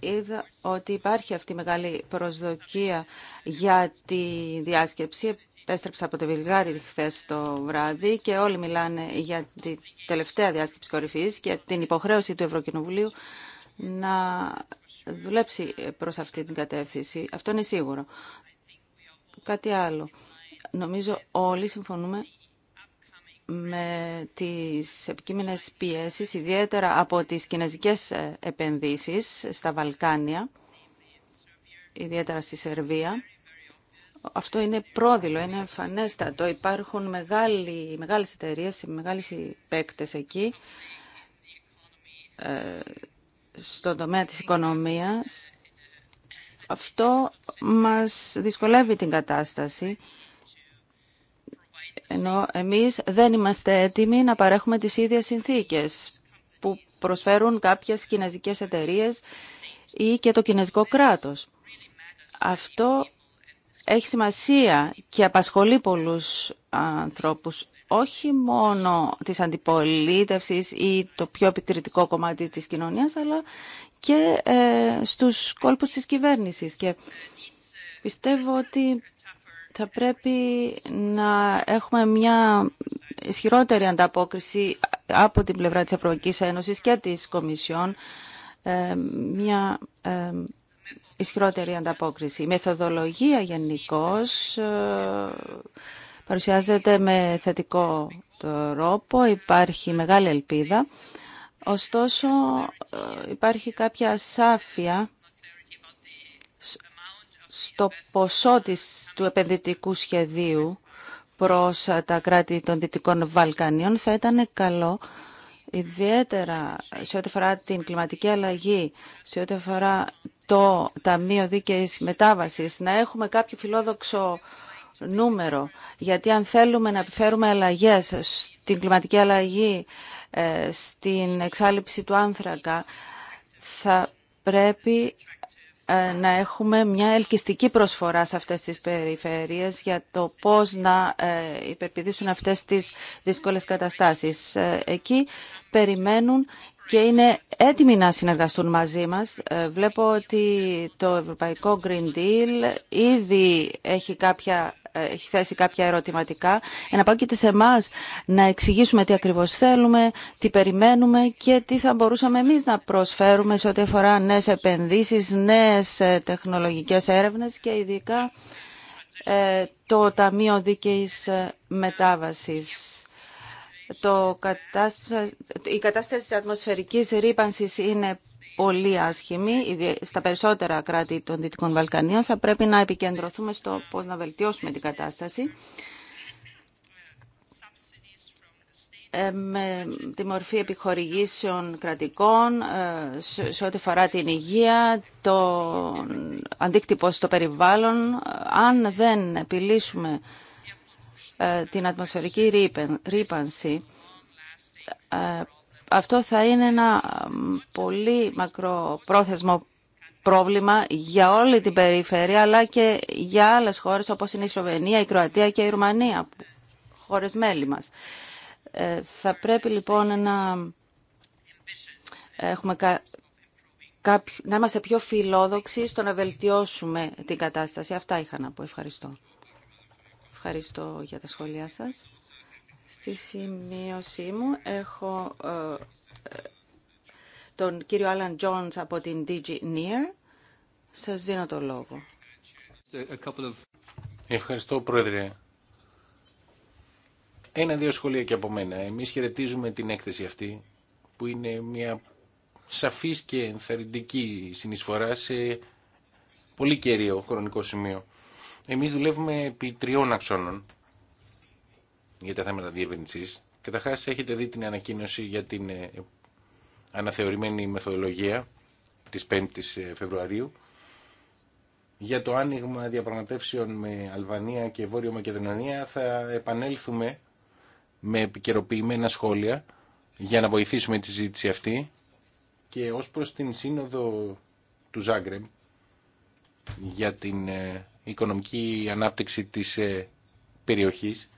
είδα ότι υπάρχει αυτή η μεγάλη προσδοκία για τη διάσκεψη επέστρεψα από το Βιλγάρι χθε το βράδυ και όλοι μιλάνε για τη τελευταία διάσκεψη κορυφή και την υποχρέωση του Ευρωκοινοβουλίου να δουλέψει προς αυτή την κατεύθυνση. Αυτό είναι σίγουρο. Κάτι άλλο. Νομίζω όλοι συμφωνούμε με τις επικείμενες πιέσεις, ιδιαίτερα από τις κινέζικες επενδύσεις στα Βαλκάνια, ιδιαίτερα στη Σερβία αυτό είναι πρόδειλο, είναι εμφανέστατο. Υπάρχουν μεγάλοι, μεγάλες εταιρείες, μεγάλες παίκτες εκεί ε, στον τομέα της οικονομίας. Αυτό μας δυσκολεύει την κατάσταση, ενώ εμείς δεν είμαστε έτοιμοι να παρέχουμε τις ίδιες συνθήκες που προσφέρουν κάποιες κινέζικες εταιρείες ή και το κινέζικο κράτος. Αυτό έχει σημασία και απασχολεί πολλούς ανθρώπους όχι μόνο της αντιπολίτευσης ή το πιο επικριτικό κομμάτι της κοινωνίας, αλλά και ε, στους κόλπους της κυβέρνησης. Και πιστεύω ότι θα πρέπει να έχουμε μια ισχυρότερη ανταπόκριση από την πλευρά της Ευρωπαϊκής Ένωσης και της Κομισιόν, ε, μια... Ε, ισχυρότερη ανταπόκριση. Η μεθοδολογία γενικώ ε, παρουσιάζεται με θετικό τρόπο, υπάρχει μεγάλη ελπίδα. Ωστόσο, ε, υπάρχει κάποια ασάφεια στο ποσό της, του επενδυτικού σχεδίου προς τα κράτη των Δυτικών Βαλκανίων. Θα ήταν καλό ιδιαίτερα σε ό,τι αφορά την κλιματική αλλαγή, σε ό,τι αφορά το Ταμείο Δίκαιης Μετάβασης, να έχουμε κάποιο φιλόδοξο νούμερο, γιατί αν θέλουμε να επιφέρουμε αλλαγές στην κλιματική αλλαγή, ε, στην εξάλληψη του άνθρακα, θα πρέπει ε, να έχουμε μια ελκυστική προσφορά σε αυτές τις περιφέρειες για το πώς να ε, υπερπηδήσουν αυτές τις δύσκολες καταστάσεις. Εκεί περιμένουν και είναι έτοιμοι να συνεργαστούν μαζί μας. Ε, βλέπω ότι το Ευρωπαϊκό Green Deal ήδη έχει, κάποια, ε, έχει θέσει κάποια ερωτηματικά. Εναπόκειται σε εμά να εξηγήσουμε τι ακριβώς θέλουμε, τι περιμένουμε και τι θα μπορούσαμε εμείς να προσφέρουμε σε ό,τι αφορά νέες επενδύσεις, νέες ε, τεχνολογικές έρευνες και ειδικά το Ταμείο Δίκαιης Μετάβασης το η κατάσταση της ατμοσφαιρικής ρήπανσης είναι πολύ άσχημη στα περισσότερα κράτη των Δυτικών Βαλκανίων. Θα πρέπει να επικεντρωθούμε στο πώς να βελτιώσουμε την κατάσταση. Ε, με τη μορφή επιχορηγήσεων κρατικών ε, σε ό,τι φορά την υγεία, το αντίκτυπο στο περιβάλλον. Αν δεν επιλύσουμε ε, την ατμοσφαιρική ρήπανση. Ε, αυτό θα είναι ένα πολύ μακροπρόθεσμο πρόβλημα για όλη την περιφέρεια, αλλά και για άλλες χώρες όπως είναι η Σλοβενία, η Κροατία και η Ρουμανία, χώρες μέλη μας. Ε, θα πρέπει λοιπόν να, έχουμε κα... να είμαστε πιο φιλόδοξοι στο να βελτιώσουμε την κατάσταση. Αυτά είχα να πω. Ευχαριστώ. Ευχαριστώ για τα σχόλιά σας. Στη σημείωσή μου έχω ε, ε, τον κύριο Άλαν Τζόνς από την DG Near. Σας δίνω το λόγο. Ευχαριστώ, Πρόεδρε. Ένα-δύο σχόλια και από μένα. Εμείς χαιρετίζουμε την έκθεση αυτή, που είναι μια σαφής και ενθαρρυντική συνεισφορά σε πολύ κέριο χρονικό σημείο. Εμείς δουλεύουμε επί τριών αξώνων για τα θέματα διευρύνση. Καταρχά έχετε δει την ανακοίνωση για την ε, αναθεωρημένη μεθοδολογία της 5 η ε, Φεβρουαρίου για το άνοιγμα διαπραγματεύσεων με Αλβανία και Βόρειο Μακεδονία θα επανέλθουμε με επικαιροποιημένα σχόλια για να βοηθήσουμε τη συζήτηση αυτή και ως προς την σύνοδο του Ζάγκρεμ για την ε, οικονομική ανάπτυξη της ε, περιοχής,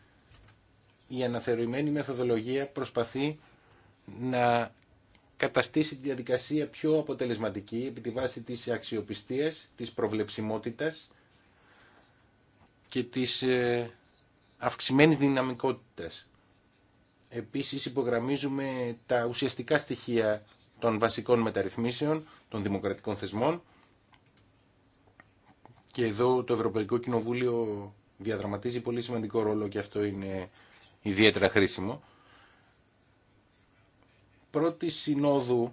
η αναθεωρημένη μεθοδολογία προσπαθεί να καταστήσει τη διαδικασία πιο αποτελεσματική επί τη βάση της αξιοπιστίας, της προβλεψιμότητας και της ε, αυξημένης δυναμικότητας. Επίσης υπογραμμίζουμε τα ουσιαστικά στοιχεία των βασικών μεταρρυθμίσεων, των δημοκρατικών θεσμών, και εδώ το Ευρωπαϊκό Κοινοβούλιο διαδραματίζει πολύ σημαντικό ρόλο και αυτό είναι ιδιαίτερα χρήσιμο. Πρώτη συνόδου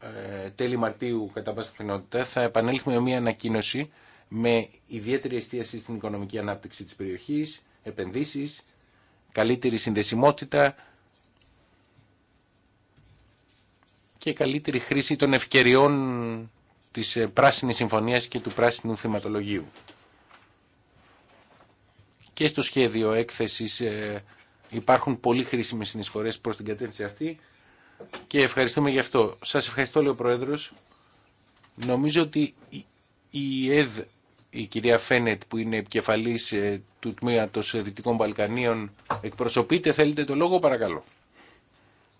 ε, τέλη Μαρτίου κατά πάσα πιθανότητα θα επανέλθουμε με μια ανακοίνωση με ιδιαίτερη εστίαση στην οικονομική ανάπτυξη της περιοχής, επενδύσεις, καλύτερη συνδεσιμότητα και καλύτερη χρήση των ευκαιριών της ε, Πράσινης Συμφωνίας και του Πράσινου Θεματολογίου. Και στο σχέδιο έκθεσης ε, υπάρχουν πολύ χρήσιμες συνεισφορές προς την κατεύθυνση αυτή και ευχαριστούμε γι' αυτό. Σας ευχαριστώ, λέει ο Πρόεδρος. Νομίζω ότι η ΕΔ, η κυρία Φένετ, που είναι επικεφαλής ε, του Τμήματος Δυτικών Βαλκανίων, εκπροσωπείται. Θέλετε το λόγο, παρακαλώ.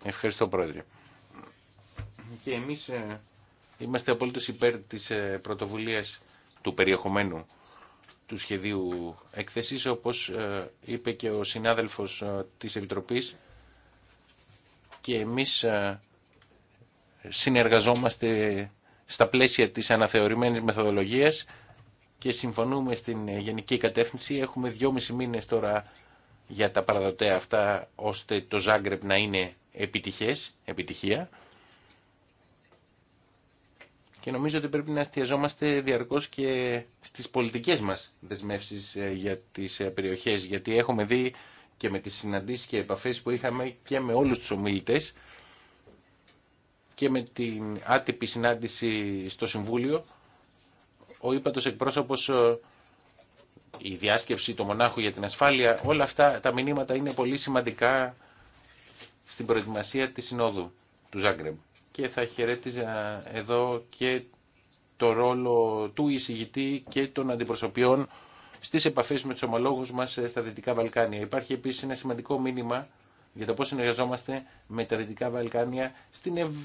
Ευχαριστώ, Πρόεδρε. Και εμείς Είμαστε απολύτως υπέρ της ε, πρωτοβουλία του περιεχομένου του σχεδίου έκθεσης, όπως ε, είπε και ο συνάδελφος ε, της Επιτροπή, και εμείς συνεργαζόμαστε στα πλαίσια της αναθεωρημένης μεθοδολογίας και συμφωνούμε στην γενική κατεύθυνση. Έχουμε δυόμιση μήνες τώρα για τα παραδοτέα αυτά, ώστε το Ζάγκρεπ να είναι επιτυχές, επιτυχία και νομίζω ότι πρέπει να εστιαζόμαστε διαρκώς και στις πολιτικές μας δεσμεύσεις ε, για τι ε, περιοχές, γιατί έχουμε δει και με τις συναντήσεις και επαφές που είχαμε και με όλους τους ομιλητές και με την άτυπη συνάντηση στο Συμβούλιο, ο ύπατο εκπρόσωπος, ε, η διάσκεψη του μονάχου για την ασφάλεια, όλα αυτά τα μηνύματα είναι πολύ σημαντικά στην προετοιμασία της Συνόδου του Ζάγκρεμ και θα χαιρέτιζα εδώ και το ρόλο του εισηγητή και των αντιπροσωπιών στις επαφές με τους ομολόγου μας στα Δυτικά Βαλκάνια. Υπάρχει επίσης ένα σημαντικό μήνυμα για το πώς συνεργαζόμαστε με τα Δυτικά Βαλκάνια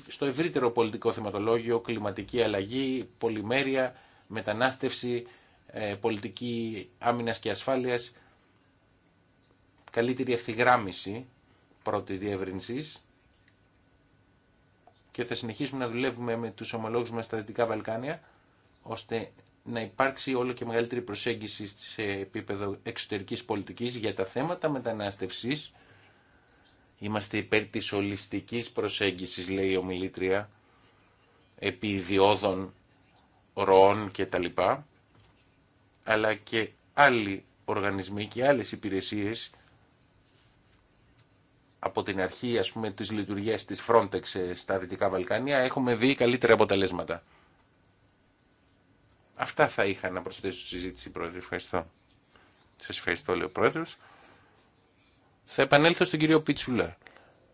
στο ευρύτερο πολιτικό θεματολόγιο, κλιματική αλλαγή, πολυμέρεια, μετανάστευση, ε, πολιτική άμυνα και ασφάλεια, καλύτερη ευθυγράμμιση πρώτη διεύρυνση και θα συνεχίσουμε να δουλεύουμε με τους ομολόγους μας στα Δυτικά Βαλκάνια ώστε να υπάρξει όλο και μεγαλύτερη προσέγγιση σε επίπεδο εξωτερικής πολιτικής για τα θέματα μετανάστευσης. Είμαστε υπέρ της ολιστικής προσέγγισης, λέει η ομιλήτρια, επί ιδιώδων ροών και τα λοιπά, αλλά και άλλοι οργανισμοί και άλλες υπηρεσίες από την αρχή ας πούμε τις λειτουργίες της Frontex ε, στα Δυτικά Βαλκάνια έχουμε δει καλύτερα αποτελέσματα. Αυτά θα είχα να προσθέσω στη συζήτηση, Πρόεδρε. Ευχαριστώ. Σας ευχαριστώ, λέει ο Πρόεδρος. Θα επανέλθω στον κύριο Πίτσουλα.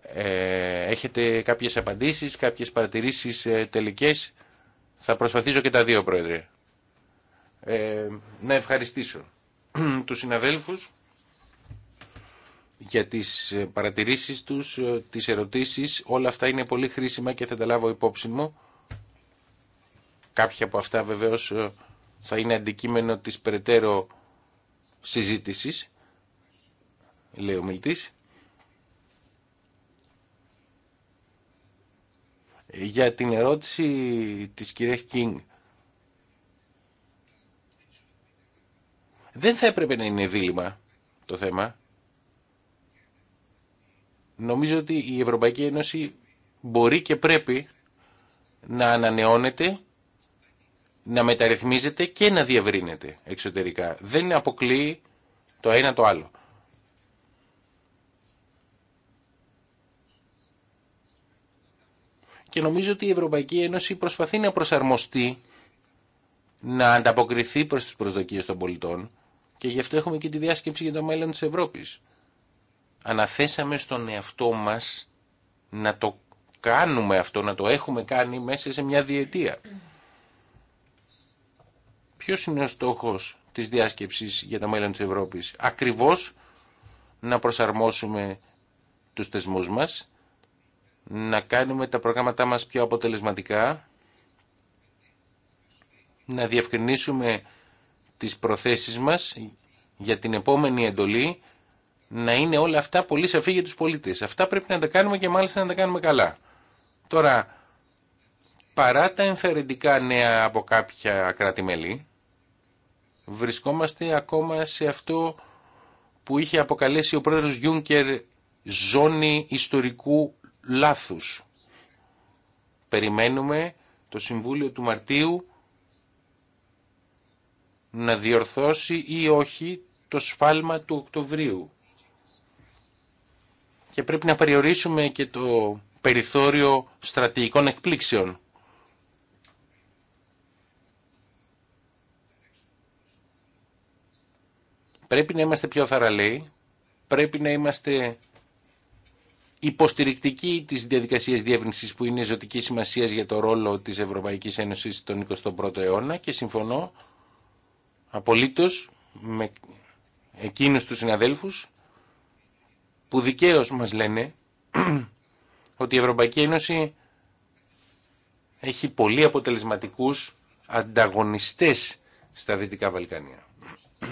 Ε, έχετε κάποιες απαντήσεις, κάποιες παρατηρήσεις ε, τελικές. Θα προσπαθήσω και τα δύο, Πρόεδρε. Ε, να ευχαριστήσω τους συναδέλφους για τις ε, παρατηρήσεις τους, ε, τις ερωτήσεις. Όλα αυτά είναι πολύ χρήσιμα και θα τα λάβω υπόψη μου. Κάποια από αυτά βεβαίως ε, θα είναι αντικείμενο της περαιτέρω συζήτησης, λέει ο μιλτής. Για την ερώτηση της κυρίας Κίνγκ. Δεν θα έπρεπε να είναι δίλημα το θέμα. Νομίζω ότι η Ευρωπαϊκή Ένωση μπορεί και πρέπει να ανανεώνεται, να μεταρρυθμίζεται και να διευρύνεται εξωτερικά. Δεν αποκλείει το ένα το άλλο. Και νομίζω ότι η Ευρωπαϊκή Ένωση προσπαθεί να προσαρμοστεί, να ανταποκριθεί προς τις προσδοκίες των πολιτών και γι' αυτό έχουμε και τη διάσκεψη για το μέλλον της Ευρώπης αναθέσαμε στον εαυτό μας να το κάνουμε αυτό, να το έχουμε κάνει μέσα σε μια διετία. Ποιος είναι ο στόχος της διάσκεψης για τα μέλλον της Ευρώπης. Ακριβώς να προσαρμόσουμε τους θεσμούς μας, να κάνουμε τα προγράμματά μας πιο αποτελεσματικά, να διευκρινίσουμε τις προθέσεις μας για την επόμενη εντολή να είναι όλα αυτά πολύ σαφή για τους πολίτες. Αυτά πρέπει να τα κάνουμε και μάλιστα να τα κάνουμε καλά. Τώρα, παρά τα ενθαρρυντικά νέα από κάποια κράτη-μέλη, βρισκόμαστε ακόμα σε αυτό που είχε αποκαλέσει ο πρόεδρος Γιούνκερ ζώνη ιστορικού λάθους. Περιμένουμε το Συμβούλιο του Μαρτίου να διορθώσει ή όχι το σφάλμα του Οκτωβρίου και πρέπει να περιορίσουμε και το περιθώριο στρατηγικών εκπλήξεων. Πρέπει να είμαστε πιο θαραλέοι, πρέπει να είμαστε υποστηρικτικοί της διαδικασίας διεύρυνσης που είναι ζωτική σημασία για το ρόλο της Ευρωπαϊκής Ένωσης τον 21ο αιώνα και συμφωνώ απολύτως με εκείνους τους συναδέλφους που δικαίως μας λένε ότι η Ευρωπαϊκή Ένωση έχει πολύ αποτελεσματικούς ανταγωνιστές στα Δυτικά Βαλκάνια.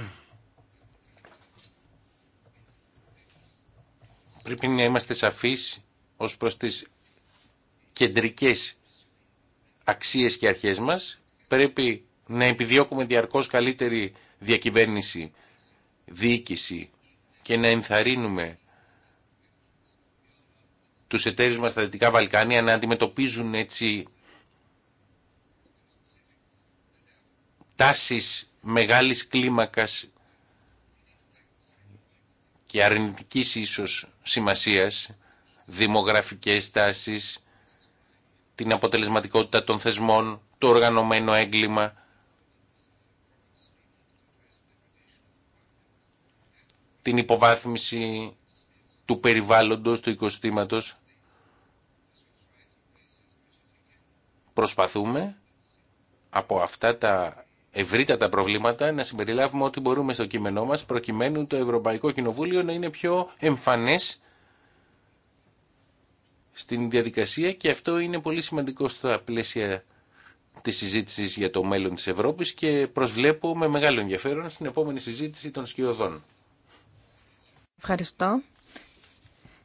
Πρέπει να είμαστε σαφείς ως προς τις κεντρικές αξίες και αρχές μας. Πρέπει να επιδιώκουμε διαρκώς καλύτερη διακυβέρνηση, διοίκηση και να ενθαρρύνουμε τους εταίρου μα στα Δυτικά Βαλκάνια να αντιμετωπίζουν έτσι τάσεις μεγάλης κλίμακας και αρνητική ίσως σημασίας, δημογραφικέ τάσει, την αποτελεσματικότητα των θεσμών, το οργανωμένο έγκλημα, την υποβάθμιση του περιβάλλοντος, του οικοστήματος προσπαθούμε από αυτά τα ευρύτατα προβλήματα να συμπεριλάβουμε ό,τι μπορούμε στο κείμενό μας προκειμένου το Ευρωπαϊκό Κοινοβούλιο να είναι πιο εμφανές στην διαδικασία και αυτό είναι πολύ σημαντικό στα πλαίσια της συζήτηση για το μέλλον της Ευρώπης και προσβλέπω με μεγάλο ενδιαφέρον στην επόμενη συζήτηση των σκιωδών. Ευχαριστώ.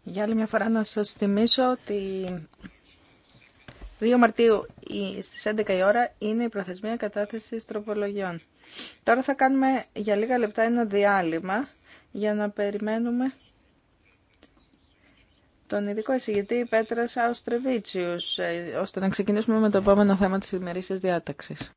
Για άλλη μια φορά να σας θυμίσω ότι 2 Μαρτίου στις 11 η ώρα είναι η προθεσμία κατάθεσης τροπολογιών. Τώρα θα κάνουμε για λίγα λεπτά ένα διάλειμμα για να περιμένουμε τον ειδικό εισηγητή Πέτρας Αουστρεβίτσιους, ε, ώστε να ξεκινήσουμε με το επόμενο θέμα της ημερήσιας διάταξης.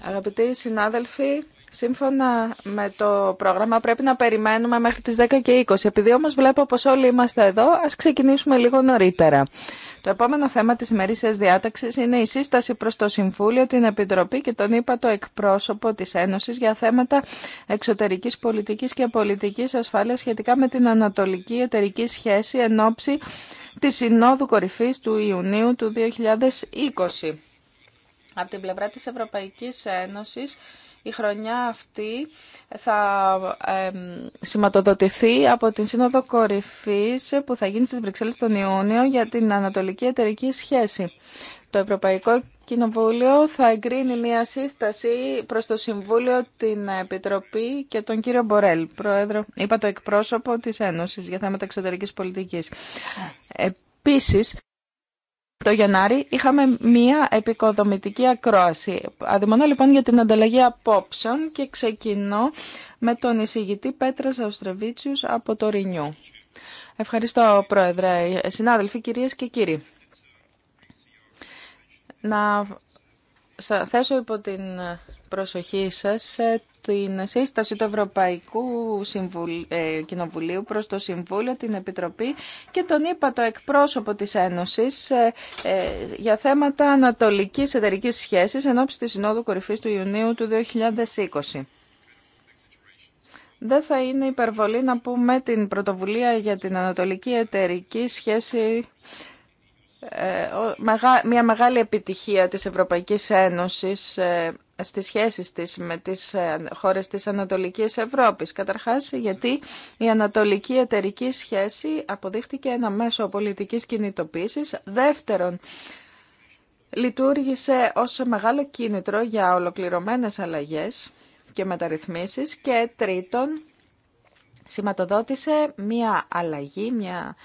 Αγαπητοί συνάδελφοι, σύμφωνα με το πρόγραμμα πρέπει να περιμένουμε μέχρι τις 10 και 20. Επειδή όμως βλέπω πως όλοι είμαστε εδώ, ας ξεκινήσουμε λίγο νωρίτερα. Το επόμενο θέμα της ημερήσιας διάταξης είναι η σύσταση προς το Συμφούλιο, την Επιτροπή και τον είπα το εκπρόσωπο της Ένωσης για θέματα εξωτερικής πολιτικής και πολιτικής ασφάλειας σχετικά με την ανατολική εταιρική σχέση εν ώψη της Συνόδου Κορυφής του Ιουνίου του 2020 από την πλευρά της Ευρωπαϊκής Ένωσης η χρονιά αυτή θα σηματοδοτηθεί από την Σύνοδο Κορυφής που θα γίνει στις Βρυξέλλες τον Ιούνιο για την Ανατολική Εταιρική Σχέση. Το Ευρωπαϊκό Κοινοβούλιο θα εγκρίνει μια σύσταση προς το Συμβούλιο, την Επιτροπή και τον κύριο Μπορέλ, πρόεδρο, είπα το εκπρόσωπο της Ένωσης για θέματα εξωτερικής πολιτικής. Επίσης, το Γενάρη είχαμε μία επικοδομητική ακρόαση. Αδειμονώ λοιπόν για την ανταλλαγή απόψεων και ξεκινώ με τον εισηγητή Πέτρας Αουστρεβίτσιους από το Ρινιού. Ευχαριστώ Πρόεδρε, συνάδελφοι, κυρίες και κύριοι. Να θέσω υπό την προσοχή σας την σύσταση του Ευρωπαϊκού ε, Κοινοβουλίου προς το Συμβούλιο, την Επιτροπή και τον είπα το εκπρόσωπο της Ένωσης ε, ε, για θέματα ανατολικής εταιρικής σχέσης εν της Συνόδου Κορυφής του Ιουνίου του 2020. Δεν θα είναι υπερβολή να πούμε την πρωτοβουλία για την ανατολική εταιρική σχέση ε, μια μεγάλη επιτυχία της Ευρωπαϊκής Ένωσης ε, στις σχέσεις της με τις ε, χώρες της Ανατολικής Ευρώπης. Καταρχάς γιατί η ανατολική εταιρική σχέση αποδείχτηκε ένα μέσο πολιτικής κινητοποίησης. Δεύτερον, λειτουργήσε ως μεγάλο κίνητρο για ολοκληρωμένες αλλαγές και μεταρρυθμίσεις. Και τρίτον, σηματοδότησε μια αλλαγή, μια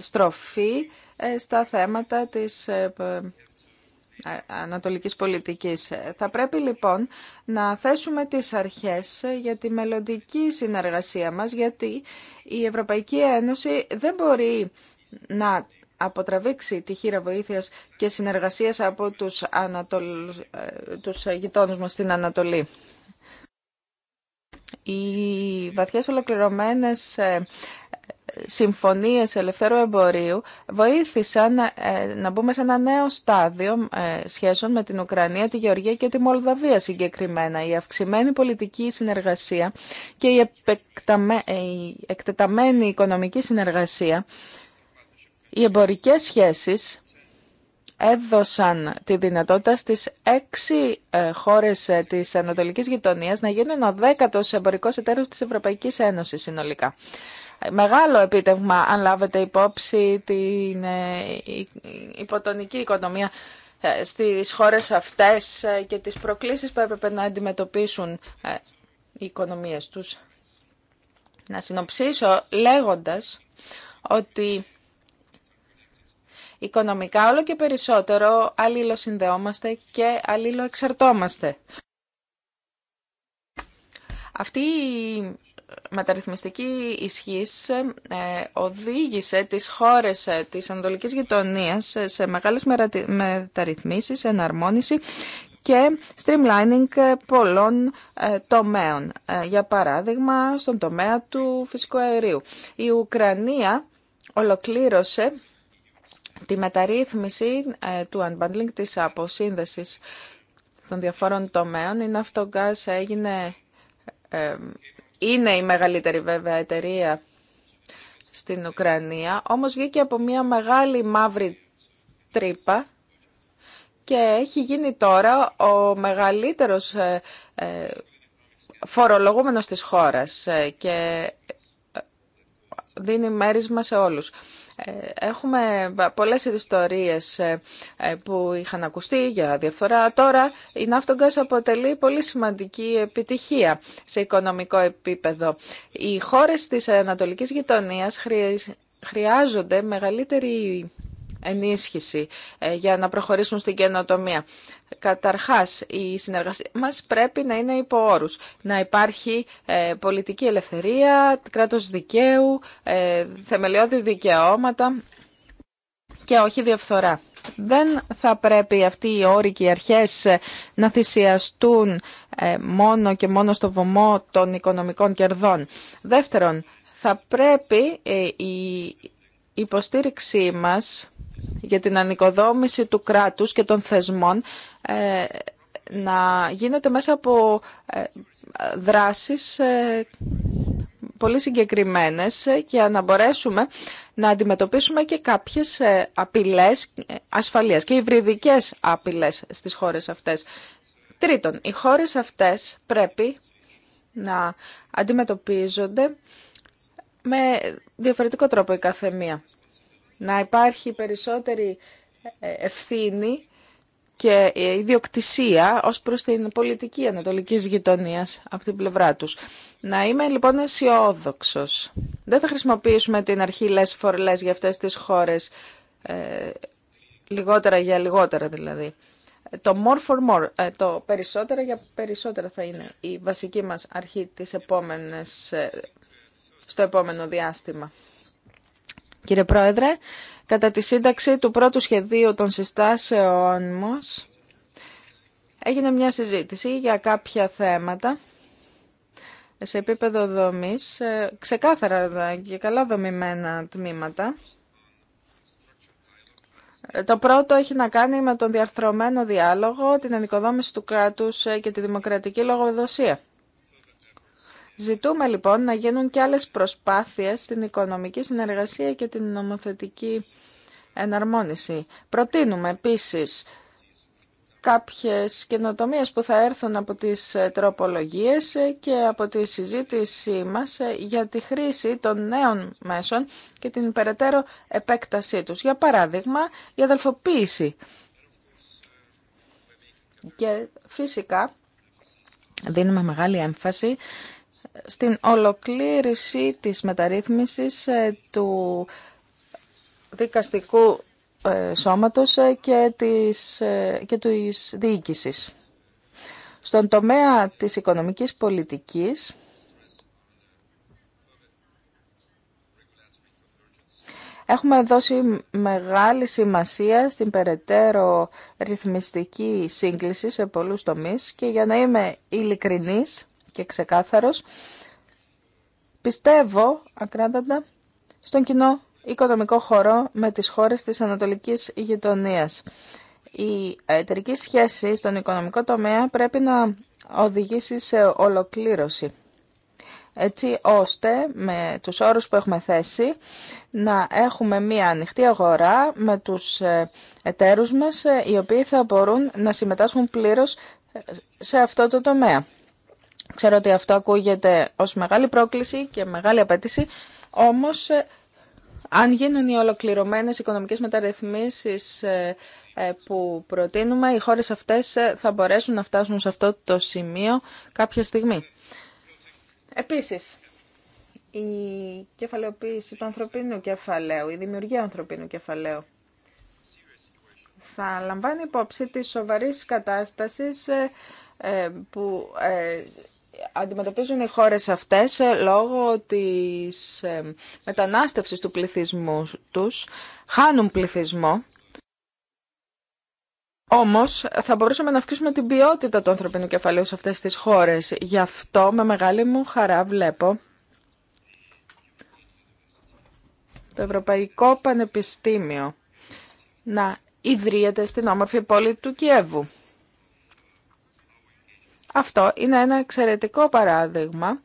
στροφή ε, στα θέματα της ε, ε, ανατολικής πολιτικής. Θα πρέπει λοιπόν να θέσουμε τις αρχές για τη μελλοντική συνεργασία μας, γιατί η Ευρωπαϊκή Ένωση δεν μπορεί να αποτραβήξει τη χείρα βοήθειας και συνεργασίας από τους, Ανατολ... τους γειτόνους μας στην Ανατολή. Οι βαθιές ολοκληρωμένες ε, συμφωνίες ελευθέρου εμπορίου βοήθησαν ε, να μπούμε σε ένα νέο στάδιο ε, σχέσεων με την Ουκρανία, τη Γεωργία και τη Μολδαβία συγκεκριμένα. Η αυξημένη πολιτική συνεργασία και η εκτεταμένη οικονομική συνεργασία, οι εμπορικές σχέσεις έδωσαν τη δυνατότητα στις έξι ε, χώρες ε, της ανατολικής γειτονίας να γίνουν ο δέκατος εμπορικός εταίρος της Ευρωπαϊκής Ένωσης συνολικά. Μεγάλο επίτευγμα αν λάβετε υπόψη την ε, υποτονική οικονομία στις χώρες αυτές και τις προκλήσεις που έπρεπε να αντιμετωπίσουν οι οικονομίες τους. Να συνοψίσω λέγοντας ότι οικονομικά όλο και περισσότερο αλληλοσυνδεόμαστε και αλληλοεξαρτόμαστε. Αυτή η μεταρρυθμιστική ισχύς ε, οδήγησε τις χώρες ε, της Ανατολικής Γειτονίας ε, σε μεγάλες μεταρρυθμίσεις, εναρμόνιση και streamlining πολλών τομέων. Για παράδειγμα, στον τομέα του φυσικού αερίου. Η Ουκρανία ολοκλήρωσε τη μεταρρύθμιση ε, του unbundling της αποσύνδεσης των διαφόρων τομέων. Η Ναυτογκάς έγινε, ε, είναι η μεγαλύτερη βέβαια εταιρεία στην Ουκρανία, όμως βγήκε από μια μεγάλη μαύρη τρύπα και έχει γίνει τώρα ο μεγαλύτερος ε, ε, φορολογούμενος της χώρας και δίνει μέρισμα σε όλους. Ε, έχουμε πολλές ιστορίες ε, ε, που είχαν ακουστεί για διαφθορά. Τώρα η ναύτογκας αποτελεί πολύ σημαντική επιτυχία σε οικονομικό επίπεδο. Οι χώρες της Ανατολικής Γειτονίας χρειάζονται μεγαλύτερη ενίσχυση ε, για να προχωρήσουν στην καινοτομία. Καταρχάς, η συνεργασία μας πρέπει να είναι υπό όρους. Να υπάρχει ε, πολιτική ελευθερία, κράτος δικαίου, ε, θεμελιώδη δικαιώματα και όχι διαφθορά. Δεν θα πρέπει αυτοί οι όροι και οι αρχές να θυσιαστούν μόνο και μόνο στο βωμό των οικονομικών κερδών. Δεύτερον, θα πρέπει η υποστήριξή μας για την ανοικοδόμηση του κράτους και των θεσμών ε, να γίνεται μέσα από ε, δράσεις ε, πολύ συγκεκριμένες και να μπορέσουμε να αντιμετωπίσουμε και κάποιες απειλές ασφαλείας και υβριδικές απειλές στις χώρες αυτές. Τρίτον, οι χώρες αυτές πρέπει να αντιμετωπίζονται με διαφορετικό τρόπο η καθεμία να υπάρχει περισσότερη ε, ευθύνη και ε, ιδιοκτησία ως προς την πολιτική ανατολικής γειτονίας από την πλευρά τους. Να είμαι λοιπόν αισιόδοξο. Δεν θα χρησιμοποιήσουμε την αρχή less for less για αυτές τις χώρες, ε, λιγότερα για λιγότερα δηλαδή. Το more for more, το περισσότερα για περισσότερα θα είναι η βασική μας αρχή της επόμενες, στο επόμενο διάστημα. Κύριε Πρόεδρε, κατά τη σύνταξη του πρώτου σχεδίου των συστάσεων μας έγινε μια συζήτηση για κάποια θέματα σε επίπεδο δομής, ε, ξεκάθαρα και καλά δομημένα τμήματα. Ε, το πρώτο έχει να κάνει με τον διαρθρωμένο διάλογο, την ενοικοδόμηση του κράτους ε, και τη δημοκρατική λογοδοσία. Ζητούμε λοιπόν να γίνουν και άλλες προσπάθειες στην οικονομική συνεργασία και την νομοθετική εναρμόνιση. Προτείνουμε επίσης κάποιες καινοτομίες που θα έρθουν από τις ε, τροπολογίες ε, και από τη συζήτησή μας ε, για τη χρήση των νέων μέσων και την περαιτέρω επέκτασή τους. Για παράδειγμα, η αδελφοποίηση. Και φυσικά δίνουμε μεγάλη έμφαση στην ολοκλήρηση της μεταρρύθμισης ε, του δικαστικού ε, σώματος ε, και της, και της διοίκησης. Στον τομέα της οικονομικής πολιτικής έχουμε δώσει μεγάλη σημασία στην περαιτέρω ρυθμιστική σύγκληση σε πολλούς τομείς και για να είμαι ειλικρινής και ξεκάθαρος. Πιστεύω ακράδαντα στον κοινό οικονομικό χώρο με τις χώρες της Ανατολικής Γειτονίας. Η εταιρική σχέση στον οικονομικό τομέα πρέπει να οδηγήσει σε ολοκλήρωση έτσι ώστε με τους όρους που έχουμε θέσει να έχουμε μία ανοιχτή αγορά με τους ε, εταίρους μας ε, οι οποίοι θα μπορούν να συμμετάσχουν πλήρως ε, σε αυτό το τομέα. Ξέρω ότι αυτό ακούγεται ως μεγάλη πρόκληση και μεγάλη απέτηση, όμως ε, αν γίνουν οι ολοκληρωμένες οικονομικές μεταρρυθμίσεις ε, ε, που προτείνουμε, οι χώρες αυτές θα μπορέσουν να φτάσουν σε αυτό το σημείο κάποια στιγμή. Επίσης, η κεφαλαιοποίηση του ανθρωπίνου κεφαλαίου, η δημιουργία ανθρωπίνου κεφαλαίου, θα λαμβάνει υπόψη της σοβαρής κατάστασης που αντιμετωπίζουν οι χώρες αυτές ε, λόγω της ε, μετανάστευσης του πληθυσμού τους, χάνουν πληθυσμό. Όμως θα μπορούσαμε να αυξήσουμε την ποιότητα του ανθρωπίνου κεφαλαίου σε αυτές τις χώρες. Γι' αυτό με μεγάλη μου χαρά βλέπω το Ευρωπαϊκό Πανεπιστήμιο να ιδρύεται στην όμορφη πόλη του Κιέβου. Αυτό είναι ένα εξαιρετικό παράδειγμα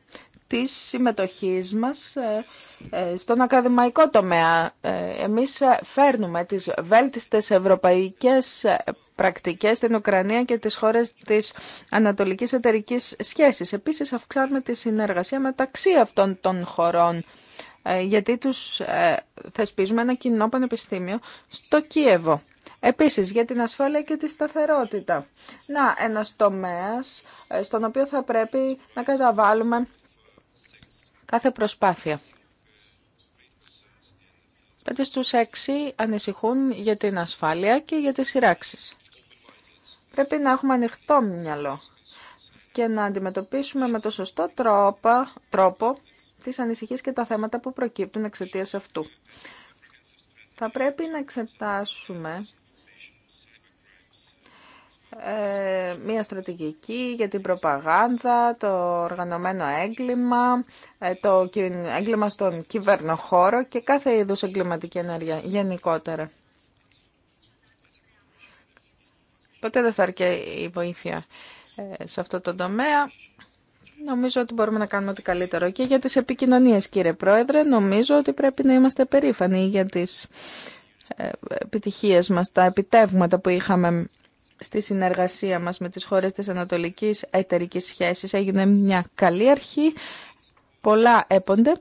της συμμετοχής μας ε, ε, στον ακαδημαϊκό τομέα. Ε, εμείς φέρνουμε τις βέλτιστες ευρωπαϊκές πρακτικές στην Ουκρανία και τις χώρες της ανατολικής εταιρικής σχέσης. Επίσης αυξάνουμε τη συνεργασία μεταξύ αυτών των χωρών γιατί τους θεσπίζουμε ένα κοινό πανεπιστήμιο στο Κίεβο. Επίσης, για την ασφάλεια και τη σταθερότητα. Να, ένας τομέας ε, στον οποίο θα πρέπει να καταβάλουμε κάθε προσπάθεια. Πέντε στους έξι ανησυχούν για την ασφάλεια και για τις σειράξεις. Πρέπει να έχουμε ανοιχτό μυαλό και να αντιμετωπίσουμε με το σωστό τρόπο, τρόπο τις ανησυχίες και τα θέματα που προκύπτουν εξαιτία αυτού. Θα πρέπει να εξετάσουμε ε, μια στρατηγική για την προπαγάνδα, το οργανωμένο έγκλημα, ε, το έγκλημα στον κυβερνοχώρο και κάθε είδους εγκληματική ενέργεια γενικότερα. Ποτέ δεν θα έρθει η βοήθεια ε, σε αυτό το τομέα. Νομίζω ότι μπορούμε να κάνουμε ό,τι καλύτερο. Και για τις επικοινωνίες, κύριε Πρόεδρε, νομίζω ότι πρέπει να είμαστε περήφανοι για τις ε, επιτυχίες μας, τα επιτεύγματα που είχαμε στη συνεργασία μας με τις χώρες της Ανατολικής Εταιρικής Σχέσης. Έγινε μια καλή αρχή, πολλά έπονται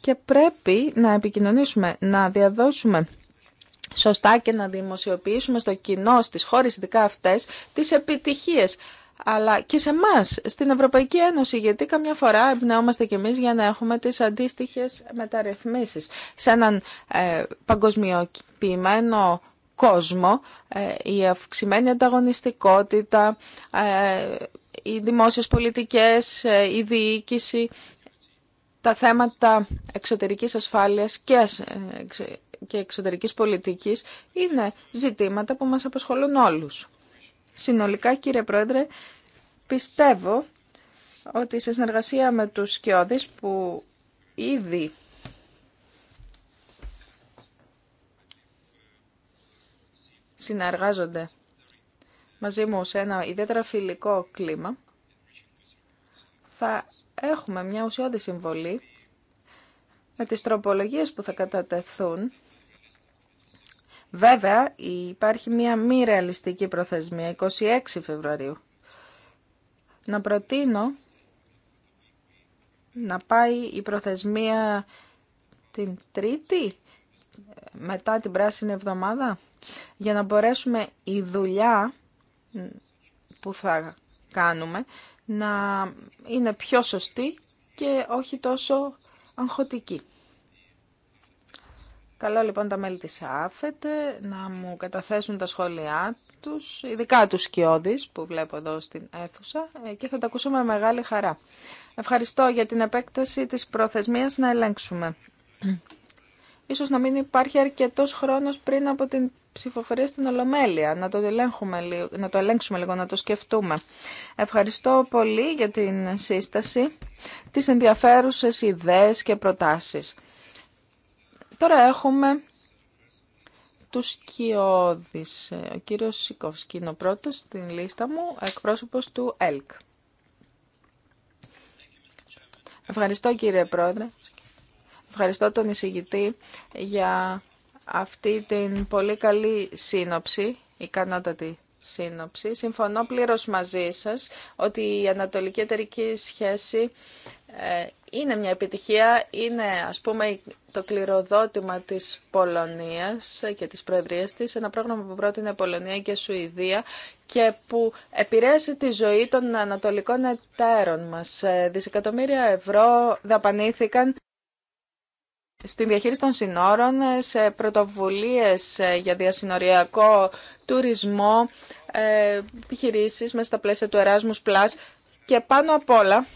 και πρέπει να επικοινωνήσουμε, να διαδώσουμε σωστά και να δημοσιοποιήσουμε στο κοινό, στις χώρες ειδικά αυτές, τις επιτυχίες αλλά και σε εμά στην Ευρωπαϊκή Ένωση, γιατί καμιά φορά εμπνέομαστε κι εμεί για να έχουμε τις αντίστοιχε μεταρρυθμίσει Σε έναν ε, παγκοσμιοποιημένο κόσμο, ε, η αυξημένη ανταγωνιστικότητα, ε, οι δημόσιες πολιτικές, η διοίκηση, τα θέματα εξωτερικής ασφάλειας και, και εξωτερικής πολιτικής είναι ζητήματα που μας απασχολούν όλους. Συνολικά, κύριε Πρόεδρε, πιστεύω ότι σε συνεργασία με τους Σκιώδης που ήδη συνεργάζονται μαζί μου σε ένα ιδιαίτερα φιλικό κλίμα, θα έχουμε μια ουσιώδη συμβολή με τις τροπολογίες που θα κατατεθούν Βέβαια, υπάρχει μία μη ρεαλιστική προθεσμία, 26 Φεβρουαρίου. Να προτείνω να πάει η προθεσμία την Τρίτη, μετά την Πράσινη Εβδομάδα, για να μπορέσουμε η δουλειά που θα κάνουμε να είναι πιο σωστή και όχι τόσο αγχωτική. Καλό λοιπόν τα μέλη της ΑΦΕΤ να μου καταθέσουν τα σχόλιά τους, ειδικά τους σκιώδης που βλέπω εδώ στην αίθουσα ε, και θα τα ακούσουμε με μεγάλη χαρά. Ευχαριστώ για την επέκταση της προθεσμίας να ελέγξουμε. Ίσως να μην υπάρχει αρκετός χρόνος πριν από την ψηφοφορία στην Ολομέλεια. Να το, το ελέγξουμε λίγο, να το σκεφτούμε. Ευχαριστώ πολύ για την σύσταση, τις ενδιαφέρουσες ιδέες και προτάσεις. Τώρα έχουμε τους σκιώδεις. Ο κύριος Σικόφσκι είναι ο στην λίστα μου, εκπρόσωπος του ΕΛΚ. Ευχαριστώ κύριε Πρόεδρε. Ευχαριστώ τον εισηγητή για αυτή την πολύ καλή σύνοψη, ικανότατη σύνοψη. Συμφωνώ πλήρως μαζί σας ότι η ανατολική εταιρική σχέση ε, είναι μια επιτυχία, είναι ας πούμε το κληροδότημα της Πολωνίας και της Προεδρίας της, ένα πρόγραμμα που πρότεινε Πολωνία και Σουηδία και που επηρέασε τη ζωή των ανατολικών εταίρων μας. Ε, δισεκατομμύρια ευρώ δαπανήθηκαν στην διαχείριση των συνόρων, σε πρωτοβουλίες ε, για διασυνοριακό τουρισμό, ε, επιχειρήσει μέσα στα πλαίσια του Erasmus Plus και πάνω απ' όλα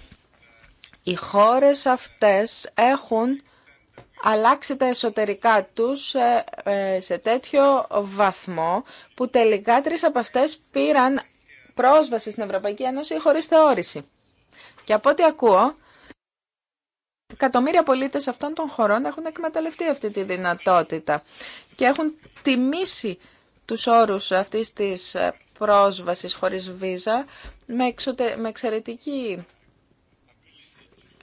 οι χώρες αυτές έχουν αλλάξει τα εσωτερικά τους ε, σε τέτοιο βαθμό που τελικά τρεις από αυτές πήραν πρόσβαση στην Ευρωπαϊκή Ένωση χωρίς θεώρηση. Και από ό,τι ακούω, Κατομμύρια πολίτες αυτών των χωρών έχουν εκμεταλλευτεί αυτή τη δυνατότητα και έχουν τιμήσει τους όρους αυτής της πρόσβασης χωρίς βίζα με, εξωτε... με εξαιρετική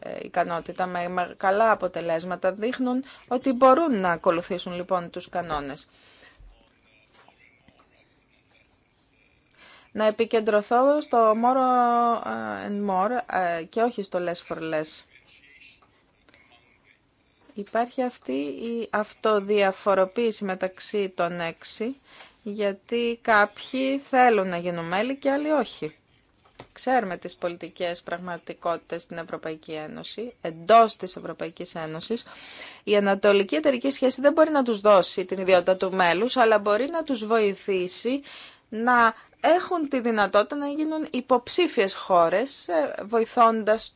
ε, ικανότητα, με καλά αποτελέσματα. Δείχνουν ότι μπορούν να ακολουθήσουν λοιπόν τους κανόνες. Να επικεντρωθώ στο more and more ε, και όχι στο less for less. Υπάρχει αυτή η αυτοδιαφοροποίηση μεταξύ των έξι, γιατί κάποιοι θέλουν να γίνουν μέλη και άλλοι όχι. Ξέρουμε τις πολιτικές πραγματικότητες στην Ευρωπαϊκή Ένωση, εντός της Ευρωπαϊκής Ένωσης. Η ανατολική εταιρική σχέση δεν μπορεί να τους δώσει την ιδιότητα του μέλους, αλλά μπορεί να τους βοηθήσει να έχουν τη δυνατότητα να γίνουν υποψήφιες χώρες, ε, βοηθώντας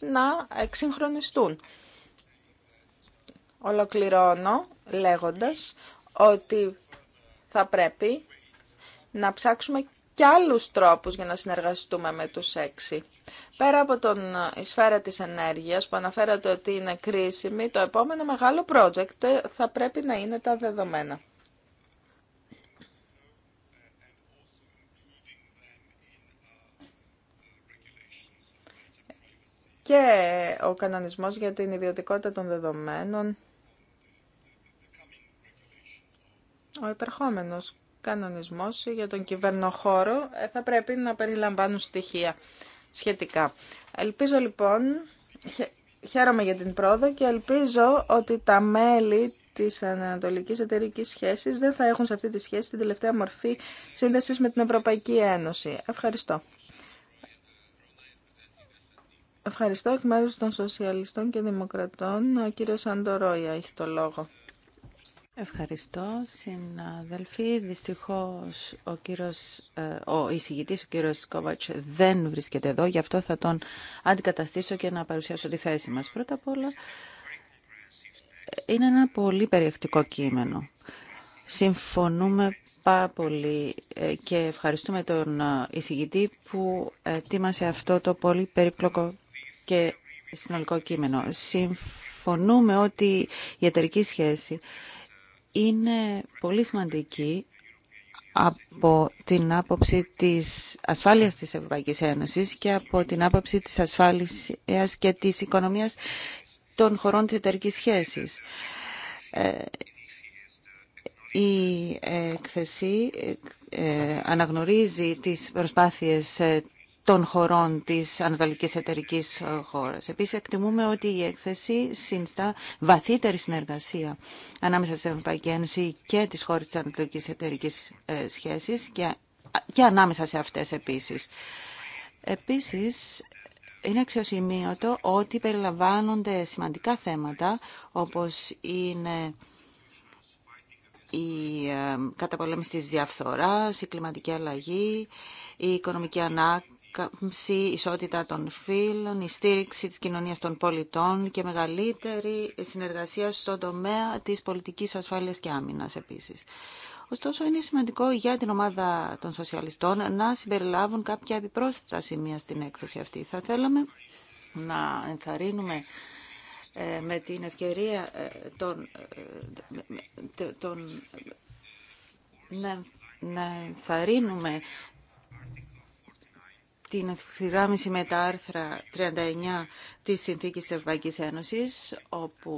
να εξυγχρονιστούν. Ολοκληρώνω λέγοντας ότι θα πρέπει να ψάξουμε και άλλους τρόπους για να συνεργαστούμε με τους έξι. Πέρα από τον, ε, σφαίρα της ενέργειας που αναφέρατε ότι είναι κρίσιμη, το επόμενο μεγάλο project ε, θα πρέπει να είναι τα δεδομένα. Και ο κανονισμός για την ιδιωτικότητα των δεδομένων Ο υπερχόμενος κανονισμός για τον κυβερνοχώρο ε, θα πρέπει να περιλαμβάνουν στοιχεία σχετικά. Ελπίζω λοιπόν, χαίρομαι για την πρόοδο και ελπίζω ότι τα μέλη της ανατολικής εταιρικής σχέσης δεν θα έχουν σε αυτή τη σχέση την τελευταία μορφή σύνδεσης με την Ευρωπαϊκή Ένωση. Ευχαριστώ. Ευχαριστώ εκ μέρους των Σοσιαλιστών και Δημοκρατών. Ο κύριος Αντορόια έχει το λόγο. Ευχαριστώ, συναδελφοί. Δυστυχώς ο, ε, ο εισηγητής, ο κύριος Σκόβατς, δεν βρίσκεται εδώ. Γι' αυτό θα τον αντικαταστήσω και να παρουσιάσω τη θέση μας. Πρώτα απ' όλα, είναι ένα πολύ περιεκτικό κείμενο. Συμφωνούμε πάρα πολύ ε, και ευχαριστούμε τον ε, εισηγητή που ετοίμασε αυτό το πολύ περίπλοκο και συνολικό κείμενο. Συμφωνούμε ότι η εταιρική σχέση είναι πολύ σημαντική από την άποψη της ασφάλειας της Ευρωπαϊκής Ένωσης και από την άποψη της ασφάλειας και της οικονομίας των χωρών της εταιρικής σχέσης. Ε, η εκθεσή ε, ε, αναγνωρίζει τις προσπάθειες των χωρών της Ανατολικής Εταιρικής ε, Χώρας. Επίσης, εκτιμούμε ότι η έκθεση σύνστα βαθύτερη συνεργασία ανάμεσα στην Ευρωπαϊκή Ένωση και τις χώρες της Ανατολική Εταιρικής ε, Σχέσης και, και ανάμεσα σε αυτές επίσης. Επίσης, είναι αξιοσημείωτο ότι περιλαμβάνονται σημαντικά θέματα όπως είναι η ε, καταπολέμηση της διαφθοράς, η κλιματική αλλαγή, η οικονομική ανάπτυξη, η ισότητα των φύλων, η στήριξη της κοινωνίας των πολιτών και μεγαλύτερη συνεργασία στον τομέα της πολιτικής ασφάλειας και άμυνας επίσης. Ωστόσο, είναι σημαντικό για την ομάδα των σοσιαλιστών να συμπεριλάβουν κάποια επιπρόσθετα σημεία στην έκθεση αυτή. Θα θέλαμε να ενθαρρύνουμε ε, με την ευκαιρία ε, να, ε, να ενθαρρύνουμε την ευθυγράμμιση με τα άρθρα 39 της Συνθήκης της Ευρωπαϊκής Ένωσης, όπου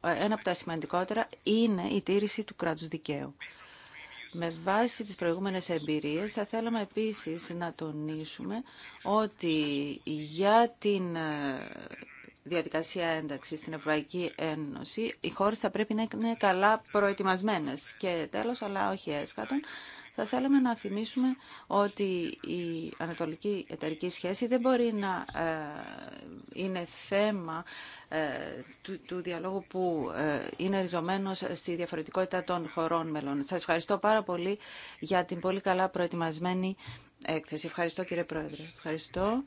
ένα από τα σημαντικότερα είναι η τήρηση του κράτους δικαίου. Με βάση τις προηγούμενες εμπειρίες θα θέλαμε επίσης να τονίσουμε ότι για την ε, διαδικασία ένταξης στην Ευρωπαϊκή Ένωση οι χώρες θα πρέπει να είναι καλά προετοιμασμένες και τέλος αλλά όχι έσκατον θα θέλαμε να θυμίσουμε ότι η ανατολική εταιρική σχέση δεν μπορεί να ε, είναι θέμα ε, του, διαλόγου που ε, είναι ριζωμένος στη διαφορετικότητα των χωρών μελών. Σας ευχαριστώ πάρα πολύ για την πολύ καλά προετοιμασμένη έκθεση. Ευχαριστώ κύριε Πρόεδρε. Ευχαριστώ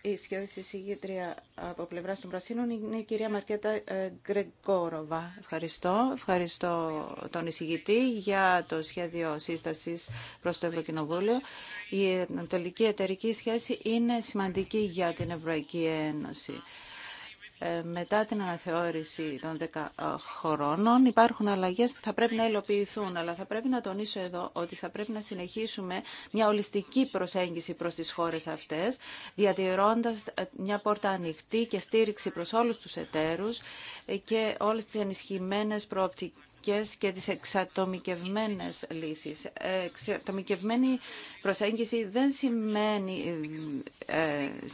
η σχέδιση συγγήτρια από πλευρά των Πρασίνων είναι η κυρία Μαρκέτα ε, Γκρεγκόροβα. Ευχαριστώ. Ευχαριστώ τον εισηγητή για το σχέδιο σύσταση προ το Ευρωκοινοβούλιο. Η ενατολική εταιρική σχέση είναι σημαντική για την Ευρωπαϊκή Ένωση. Ε, μετά την αναθεώρηση των 10 ε, χρόνων υπάρχουν αλλαγές που θα πρέπει να υλοποιηθούν, αλλά θα πρέπει να τονίσω εδώ ότι θα πρέπει να συνεχίσουμε μια ολιστική προσέγγιση προς τις χώρες αυτές, διατηρώντας ε, μια πόρτα ανοιχτή και στήριξη προς όλους τους εταίρους και όλες τις ενισχυμένες προοπτικές και τις εξατομικευμένες λύσεις. Ε, εξατομικευμένη προσέγγιση δεν σημαίνει ε,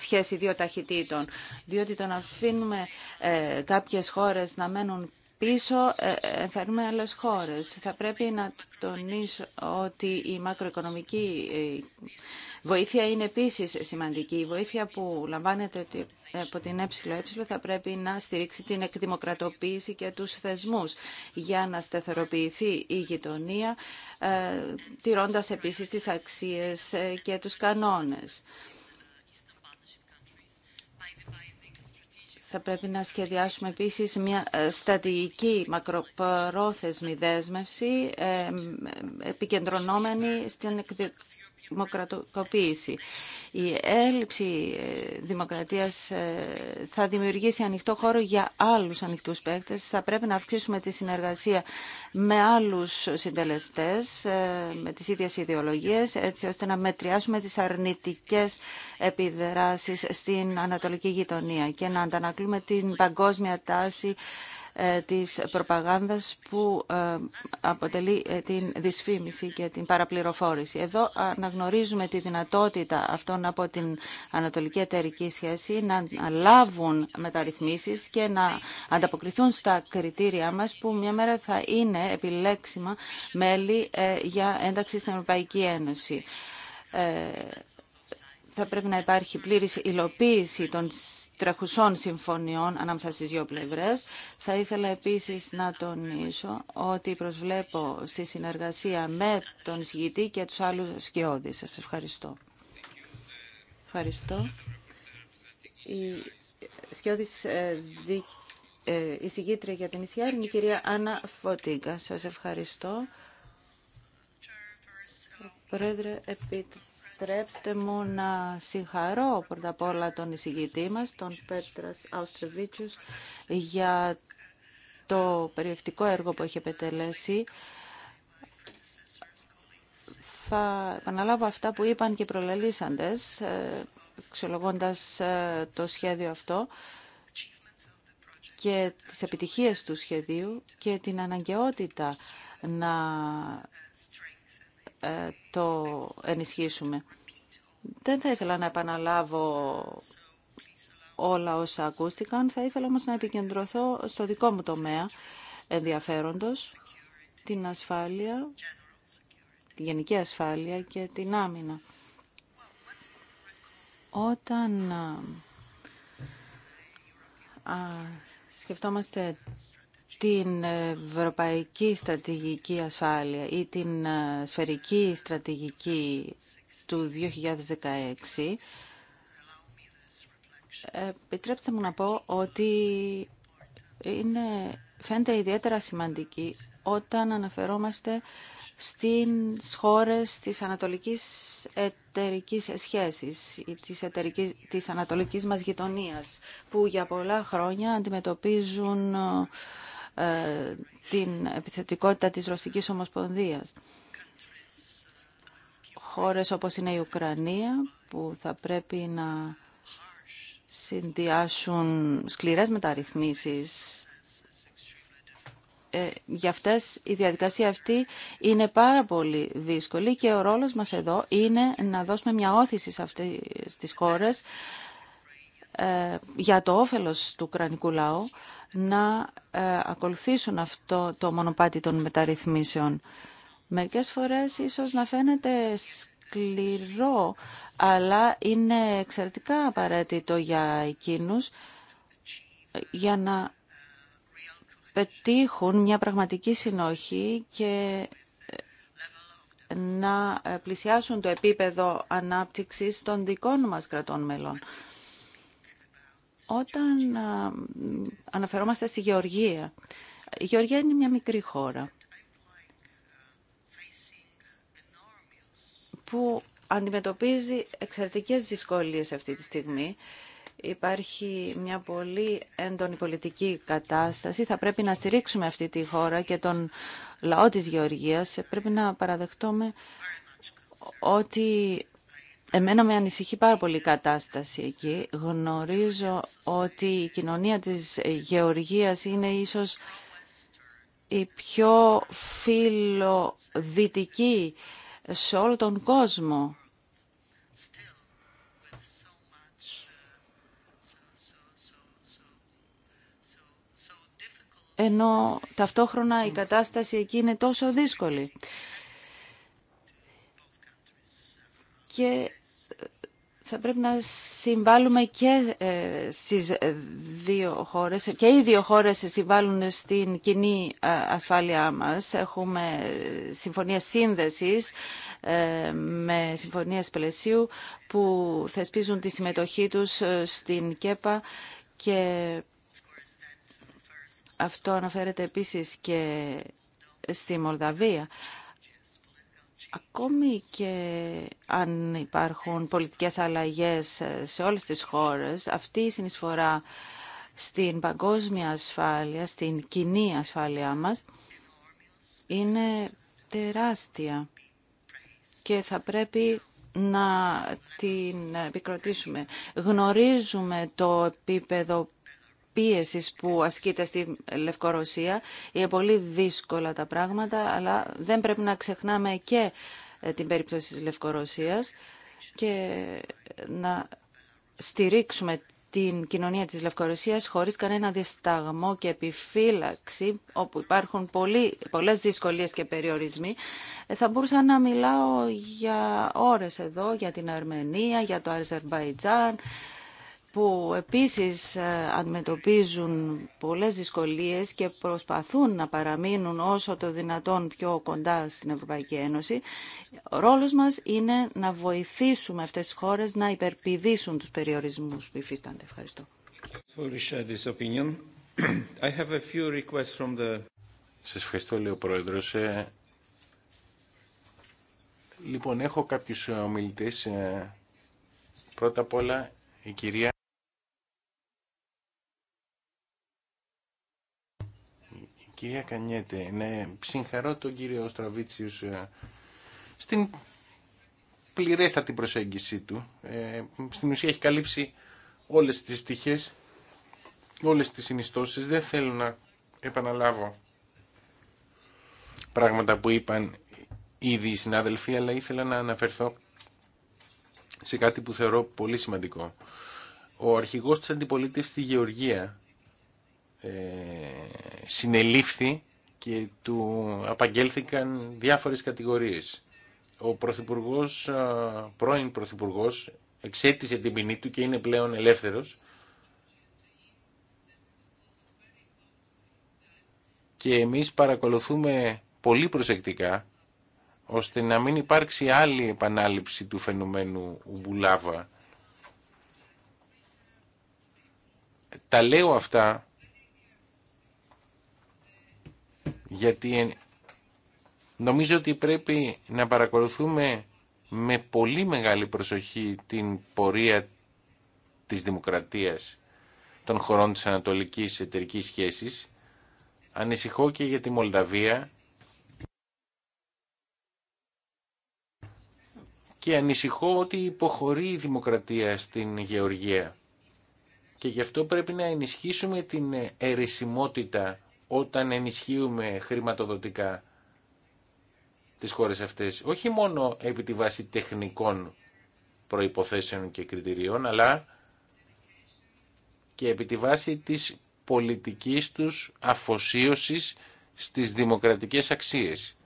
σχέση δύο ταχυτήτων, διότι το να αφήνουμε ε, κάποιες χώρες να μένουν πίσω ε, ε, φέρνουμε άλλε χώρες. Θα πρέπει να τονίσω ότι η μακροοικονομική ε, βοήθεια είναι επίσης σημαντική. Η βοήθεια που λαμβάνεται από την ΕΕ θα πρέπει να στηρίξει την εκδημοκρατοποίηση και τους θεσμούς για να στεθεροποιηθεί η γειτονία, τηρώντας επίσης τις αξίες και τους κανόνες. Θα πρέπει να σχεδιάσουμε επίσης μια ε, στατηγική μακροπρόθεσμη δέσμευση ε, ε, επικεντρωνόμενη στην δημοκρατοποίηση. Η έλλειψη ε, δημοκρατίας ε, θα δημιουργήσει ανοιχτό χώρο για άλλους ανοιχτούς παίκτες. Θα πρέπει να αυξήσουμε τη συνεργασία με άλλους συντελεστές, ε, με τις ίδιες ιδεολογίες, έτσι ώστε να μετριάσουμε τις αρνητικές επιδράσεις στην ανατολική γειτονία και να αντανακλούμε την παγκόσμια τάση ε, της προπαγάνδας που ε, αποτελεί ε, την δυσφήμιση και την παραπληροφόρηση. Εδώ αναγνωρίζουμε τη δυνατότητα αυτών από την Ανατολική Εταιρική Σχέση να λάβουν μεταρρυθμίσεις και να ανταποκριθούν στα κριτήρια μας που μια μέρα θα είναι επιλέξιμα μέλη για ένταξη στην Ευρωπαϊκή Ένωση θα πρέπει να υπάρχει πλήρη υλοποίηση των τρεχουσών συμφωνιών ανάμεσα στι δύο πλευρέ. Θα ήθελα επίσης να τονίσω ότι προσβλέπω στη συνεργασία με τον Σιγητή και τους άλλους σκιώδη. Σα ευχαριστώ. Ευχαριστώ. Η σκιώδη ε, ε, εισηγήτρια για την Ισιάρη είναι η κυρία Άννα Φωτίγκα. Σας ευχαριστώ. Πρόεδρε, επί επιτρέψτε μου να συγχαρώ πρώτα απ' όλα τον εισηγητή μας, τον Πέτρας Αουστρεβίτσιους, για το περιεκτικό έργο που έχει επιτελέσει. Θα επαναλάβω αυτά που είπαν και οι προλαλήσαντες, εξολογώντας ε, το σχέδιο αυτό και τις επιτυχίες του σχεδίου και την αναγκαιότητα να ε, το ενισχύσουμε. Δεν θα ήθελα να επαναλάβω όλα όσα ακούστηκαν. Θα ήθελα όμως να επικεντρωθώ στο δικό μου τομέα ενδιαφέροντος, την ασφάλεια, τη γενική ασφάλεια και την άμυνα. Όταν α, ε, σκεφτόμαστε την Ευρωπαϊκή Στρατηγική Ασφάλεια ή την ε, Σφαιρική Στρατηγική του 2016, ε, επιτρέψτε μου να πω ότι είναι, φαίνεται ιδιαίτερα σημαντική όταν αναφερόμαστε στις χώρες της ανατολικής εταιρικής σχέσης, της, εταιρικής, της ανατολικής μας γειτονίας, που για πολλά χρόνια αντιμετωπίζουν ε, ε, την επιθετικότητα της Ρωσικής Ομοσπονδίας. Χώρες όπως είναι η Ουκρανία που θα πρέπει να συνδυάσουν σκληρές μεταρρυθμίσεις ε, για αυτές η διαδικασία αυτή είναι πάρα πολύ δύσκολη και ο ρόλος μας εδώ είναι να δώσουμε μια όθηση σε αυτές τις χώρες ε, για το όφελος του κρανικού λαού να ε, ακολουθήσουν αυτό το μονοπάτι των μεταρρυθμίσεων. Μερικές φορές ίσως να φαίνεται σκληρό, αλλά είναι εξαιρετικά απαραίτητο για εκείνους ε, για να πετύχουν μια πραγματική συνοχή και να πλησιάσουν το επίπεδο ανάπτυξης των δικών μας κρατών μελών. Όταν αναφερόμαστε στη Γεωργία, η Γεωργία είναι μια μικρή χώρα που αντιμετωπίζει εξαιρετικές δυσκολίες αυτή τη στιγμή. Υπάρχει μια πολύ έντονη πολιτική κατάσταση. Θα πρέπει να στηρίξουμε αυτή τη χώρα και τον λαό της Γεωργίας. Πρέπει να παραδεχτούμε ότι Εμένα με ανησυχεί πάρα πολύ η κατάσταση εκεί. Γνωρίζω ότι η κοινωνία της Γεωργίας είναι ίσως η πιο φιλοδυτική σε όλο τον κόσμο. Ενώ ταυτόχρονα η κατάσταση εκεί είναι τόσο δύσκολη. Και θα πρέπει να συμβάλλουμε και ε, στις δύο χώρες και οι δύο χώρες συμβάλλουν στην κοινή ε, ασφάλειά μας. Έχουμε συμφωνίες σύνδεσης ε, με συμφωνίες πλαισίου που θεσπίζουν τη συμμετοχή τους στην ΚΕΠΑ και αυτό αναφέρεται επίσης και στη Μολδαβία. Ακόμη και αν υπάρχουν πολιτικές αλλαγές σε όλες τις χώρες, αυτή η συνεισφορά στην παγκόσμια ασφάλεια, στην κοινή ασφάλειά μας, είναι τεράστια και θα πρέπει να την επικροτήσουμε. Γνωρίζουμε το επίπεδο που ασκείται στη Λευκορωσία. Είναι πολύ δύσκολα τα πράγματα, αλλά δεν πρέπει να ξεχνάμε και ε, την περίπτωση της Λευκορωσίας και να στηρίξουμε την κοινωνία της Λευκορωσίας χωρίς κανένα δισταγμό και επιφύλαξη, όπου υπάρχουν πολλοί, πολλές δυσκολίες και περιορισμοί. Ε, θα μπορούσα να μιλάω για ώρες εδώ, για την Αρμενία, για το Αζερβαϊτζάν, που επίσης ε, αντιμετωπίζουν πολλές δυσκολίες και προσπαθούν να παραμείνουν όσο το δυνατόν πιο κοντά στην Ευρωπαϊκή Ένωση. Ο ρόλος μας είναι να βοηθήσουμε αυτές τις χώρες να υπερπηδήσουν τους περιορισμούς που υφίστανται. Ευχαριστώ. Uh, Σας ευχαριστώ, λέει ο Πρόεδρος. Ε, λοιπόν, έχω κάποιους ομιλητές. Ε, πρώτα απ' όλα η κυρία κυρία Κανιέτε, ναι, συγχαρώ τον κύριο Στραβίτσιους ε, στην πληρέστατη προσέγγιση του. Ε, στην ουσία έχει καλύψει όλες τις πτυχές, όλες τις συνιστώσεις. Δεν θέλω να επαναλάβω πράγματα που είπαν ήδη οι συνάδελφοι, αλλά ήθελα να αναφερθώ σε κάτι που θεωρώ πολύ σημαντικό. Ο αρχηγός της αντιπολίτευσης στη Γεωργία ε, συνελήφθη και του απαγγέλθηκαν διάφορες κατηγορίες. Ο πρωθυπουργός, πρώην πρωθυπουργός εξέτησε την ποινή του και είναι πλέον ελεύθερος και εμείς παρακολουθούμε πολύ προσεκτικά ώστε να μην υπάρξει άλλη επανάληψη του φαινομένου Ουμπουλάβα. Τα λέω αυτά γιατί νομίζω ότι πρέπει να παρακολουθούμε με πολύ μεγάλη προσοχή την πορεία της δημοκρατίας των χωρών της Ανατολικής Εταιρική Σχέσης. Ανησυχώ και για τη Μολδαβία και ανησυχώ ότι υποχωρεί η δημοκρατία στην Γεωργία. Και γι' αυτό πρέπει να ενισχύσουμε την ερεσιμότητα όταν ενισχύουμε χρηματοδοτικά τις χώρες αυτές, όχι μόνο επί τη βάση τεχνικών προϋποθέσεων και κριτηρίων, αλλά και επί τη βάση της πολιτικής τους αφοσίωσης στις δημοκρατικές αξίες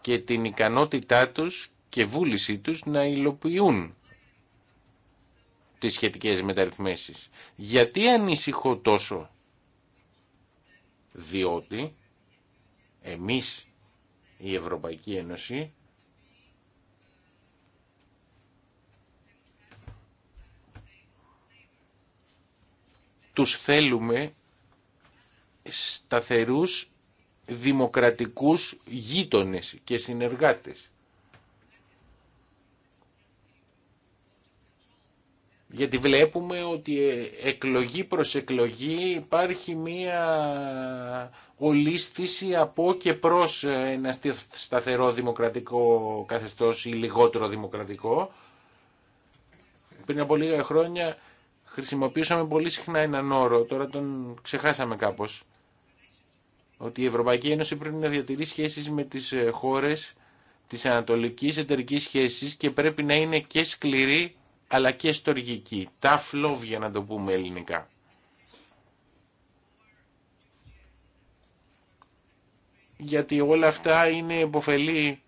και την ικανότητά τους και βούλησή τους να υλοποιούν τις σχετικές μεταρρυθμίσεις. Γιατί ανησυχώ τόσο διότι εμείς η Ευρωπαϊκή Ένωση τους θέλουμε σταθερούς δημοκρατικούς γείτονες και συνεργάτες. Γιατί βλέπουμε ότι ε, εκλογή προς εκλογή υπάρχει μία ολίσθηση από και προς ε, ένα σταθερό δημοκρατικό καθεστώς ή λιγότερο δημοκρατικό. Πριν από λίγα χρόνια χρησιμοποιούσαμε πολύ συχνά έναν όρο, τώρα τον ξεχάσαμε κάπως. Ότι η Ευρωπαϊκή Ένωση πρέπει να διατηρεί σχέσεις με τις ε, χώρες της ανατολικής εταιρικής σχέσης και πρέπει να είναι και σκληρή αλλά και στοργική, τα φλόβια να το πούμε ελληνικά. Γιατί όλα αυτά είναι υποφελή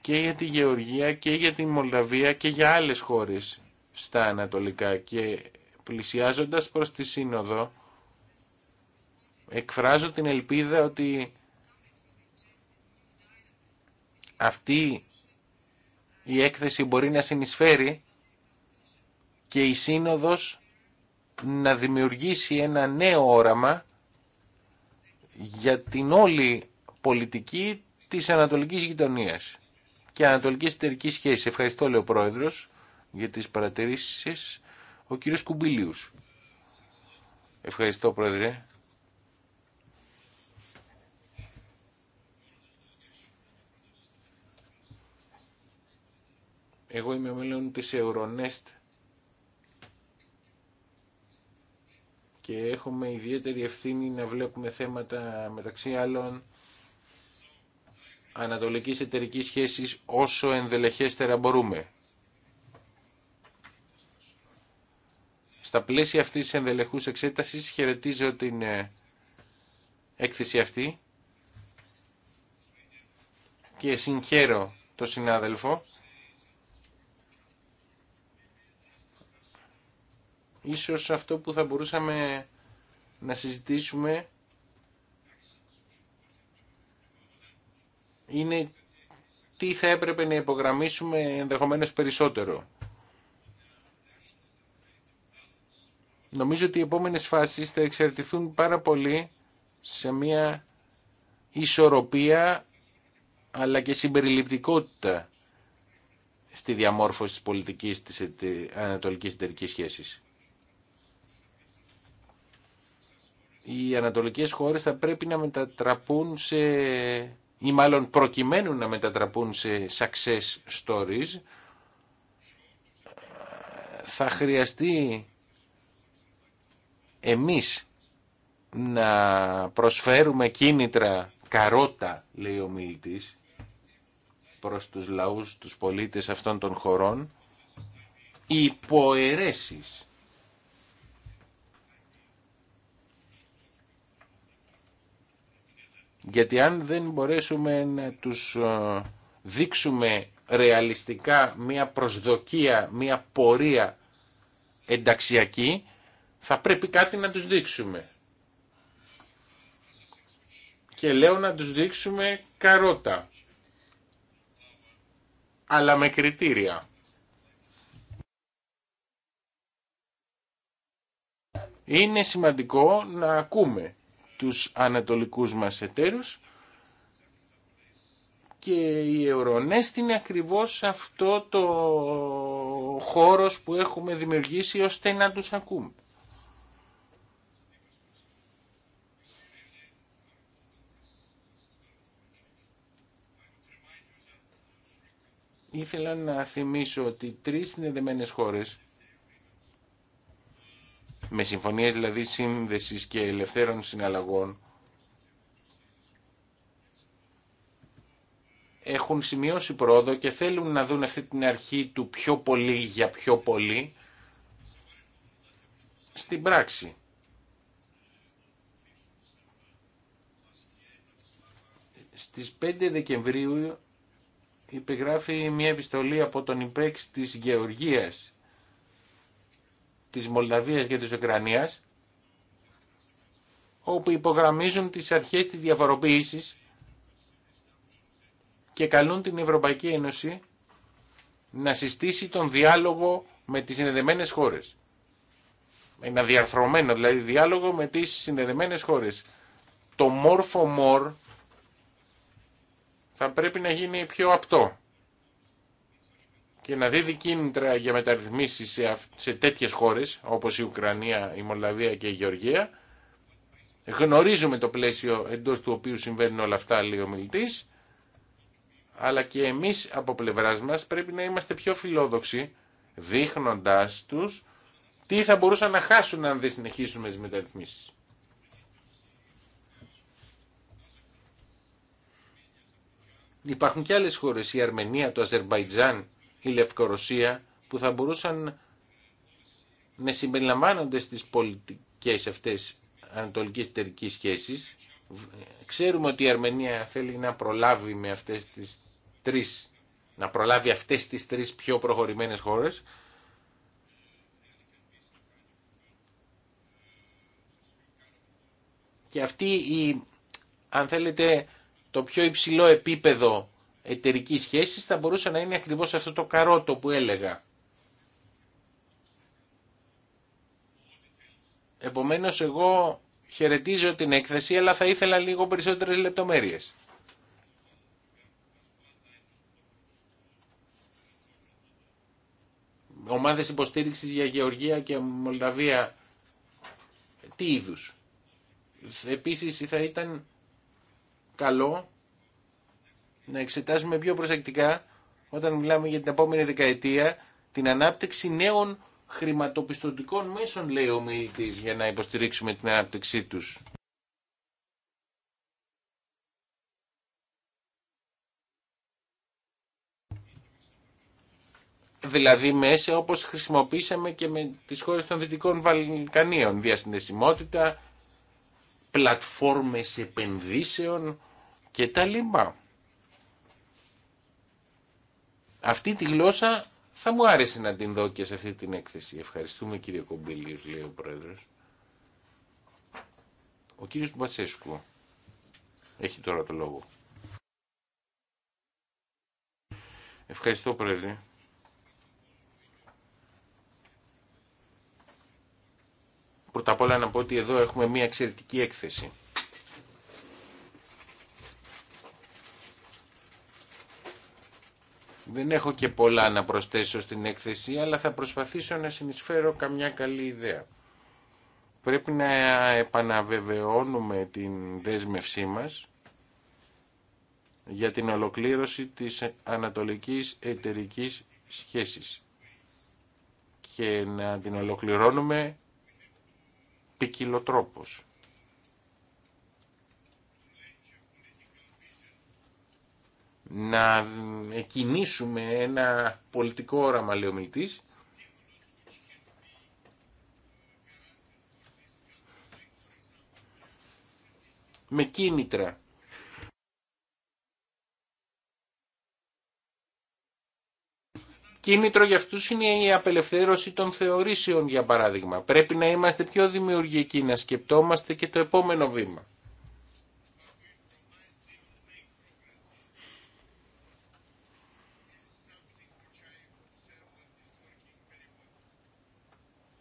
και για τη Γεωργία και για τη Μολδαβία και για άλλες χώρες στα Ανατολικά και πλησιάζοντας προς τη Σύνοδο εκφράζω την ελπίδα ότι αυτή η έκθεση μπορεί να συνεισφέρει και η Σύνοδος να δημιουργήσει ένα νέο όραμα για την όλη πολιτική της Ανατολικής Γειτονίας και Ανατολικής Εταιρικής Σχέσης. Ευχαριστώ, λέει ο Πρόεδρος, για τις παρατηρήσεις. Ο κύριος Κουμπίλιους. Ευχαριστώ, Πρόεδρε. Εγώ είμαι τη της Euronest και έχουμε ιδιαίτερη ευθύνη να βλέπουμε θέματα μεταξύ άλλων ανατολικής εταιρικής σχέσης όσο ενδελεχέστερα μπορούμε. Στα πλαίσια αυτής της ενδελεχούς εξέτασης χαιρετίζω την ε, έκθεση αυτή και συγχαίρω το συνάδελφο Ίσως αυτό που θα μπορούσαμε να συζητήσουμε είναι τι θα έπρεπε να υπογραμμίσουμε ενδεχομένως περισσότερο. Νομίζω ότι οι επόμενες φάσεις θα εξαρτηθούν πάρα πολύ σε μια ισορροπία αλλά και συμπεριληπτικότητα στη διαμόρφωση της πολιτικής της ανατολικής εταιρικής σχέσης. οι ανατολικές χώρες θα πρέπει να μετατραπούν σε ή μάλλον προκειμένου να μετατραπούν σε success stories θα χρειαστεί εμείς να προσφέρουμε κίνητρα καρότα λέει ο μιλητής προς τους λαούς, τους πολίτες αυτών των χωρών υποαιρέσεις Γιατί αν δεν μπορέσουμε να τους ε, δείξουμε ρεαλιστικά μία προσδοκία, μία πορεία ενταξιακή, θα πρέπει κάτι να τους δείξουμε. Και λέω να τους δείξουμε καρότα, αλλά με κριτήρια. Είναι σημαντικό να ακούμε τους ανατολικούς μας εταίρους και η Euronest είναι ακριβώς αυτό το χώρος που έχουμε δημιουργήσει ώστε να τους ακούμε. Ήθελα να θυμίσω ότι τρεις συνδεδεμένες χώρες με συμφωνίες δηλαδή σύνδεσης και ελευθέρων συναλλαγών, έχουν σημειώσει πρόοδο και θέλουν να δουν αυτή την αρχή του πιο πολύ για πιο πολύ στην πράξη. Στις 5 Δεκεμβρίου υπεγράφει μια επιστολή από τον υπέξ της Γεωργίας της Μολδαβίας και της Ουκρανίας όπου υπογραμμίζουν τις αρχές της διαφοροποίησης και καλούν την Ευρωπαϊκή Ένωση να συστήσει τον διάλογο με τις συνδεδεμένες χώρες. Ένα διαρθρωμένο δηλαδή διάλογο με τις συνδεδεμένες χώρες. Το more for θα πρέπει να γίνει πιο απτό και να δίδει κίνητρα για μεταρρυθμίσει σε, σε τέτοιες χώρες όπως η Ουκρανία, η Μολδαβία και η Γεωργία. Γνωρίζουμε το πλαίσιο εντός του οποίου συμβαίνουν όλα αυτά, λέει ο αλλά και εμείς από πλευράς μας πρέπει να είμαστε πιο φιλόδοξοι, δείχνοντάς τους τι θα μπορούσαν να χάσουν αν δεν συνεχίσουμε τις μεταρρυθμίσεις. Υπάρχουν και άλλες χώρες, η Αρμενία, το Αζερμπαϊτζάν, η Λευκορωσία που θα μπορούσαν να συμπεριλαμβάνονται στις πολιτικές αυτές ανατολικής Τερικής σχέσεις, Ξέρουμε ότι η Αρμενία θέλει να προλάβει με αυτές τις τρεις, να προλάβει αυτές τις τρεις πιο προχωρημένες χώρες. Και αυτή η, αν θέλετε, το πιο υψηλό επίπεδο εταιρική σχέση θα μπορούσε να είναι ακριβώς αυτό το καρότο που έλεγα. Επομένως εγώ χαιρετίζω την έκθεση αλλά θα ήθελα λίγο περισσότερες λεπτομέρειες. Ομάδες υποστήριξης για Γεωργία και Μολδαβία τι είδους. Επίσης θα ήταν καλό να εξετάσουμε πιο προσεκτικά όταν μιλάμε για την επόμενη δεκαετία την ανάπτυξη νέων χρηματοπιστωτικών μέσων, λέει ο για να υποστηρίξουμε την ανάπτυξή τους. δηλαδή μέσα όπως χρησιμοποίησαμε και με τις χώρες των Δυτικών Βαλκανίων. Διασυνδεσιμότητα, πλατφόρμες επενδύσεων και τα λοιπά. Αυτή τη γλώσσα θα μου άρεσε να την δω και σε αυτή την έκθεση. Ευχαριστούμε κύριε Κομπίλιος, λέει ο πρόεδρος. Ο κύριος Μπασέσκου έχει τώρα το λόγο. Ευχαριστώ πρόεδρε. Πρώτα απ' όλα να πω ότι εδώ έχουμε μια εξαιρετική έκθεση. Δεν έχω και πολλά να προσθέσω στην έκθεση, αλλά θα προσπαθήσω να συνεισφέρω καμιά καλή ιδέα. Πρέπει να επαναβεβαιώνουμε την δέσμευσή μας για την ολοκλήρωση της ανατολικής εταιρικής σχέσης και να την ολοκληρώνουμε ποικιλοτρόπως. να κινήσουμε ένα πολιτικό όραμα, λέει ο μιλτής. με κίνητρα. Κίνητρο για αυτούς είναι η απελευθέρωση των θεωρήσεων, για παράδειγμα. Πρέπει να είμαστε πιο δημιουργικοί, να σκεπτόμαστε και το επόμενο βήμα.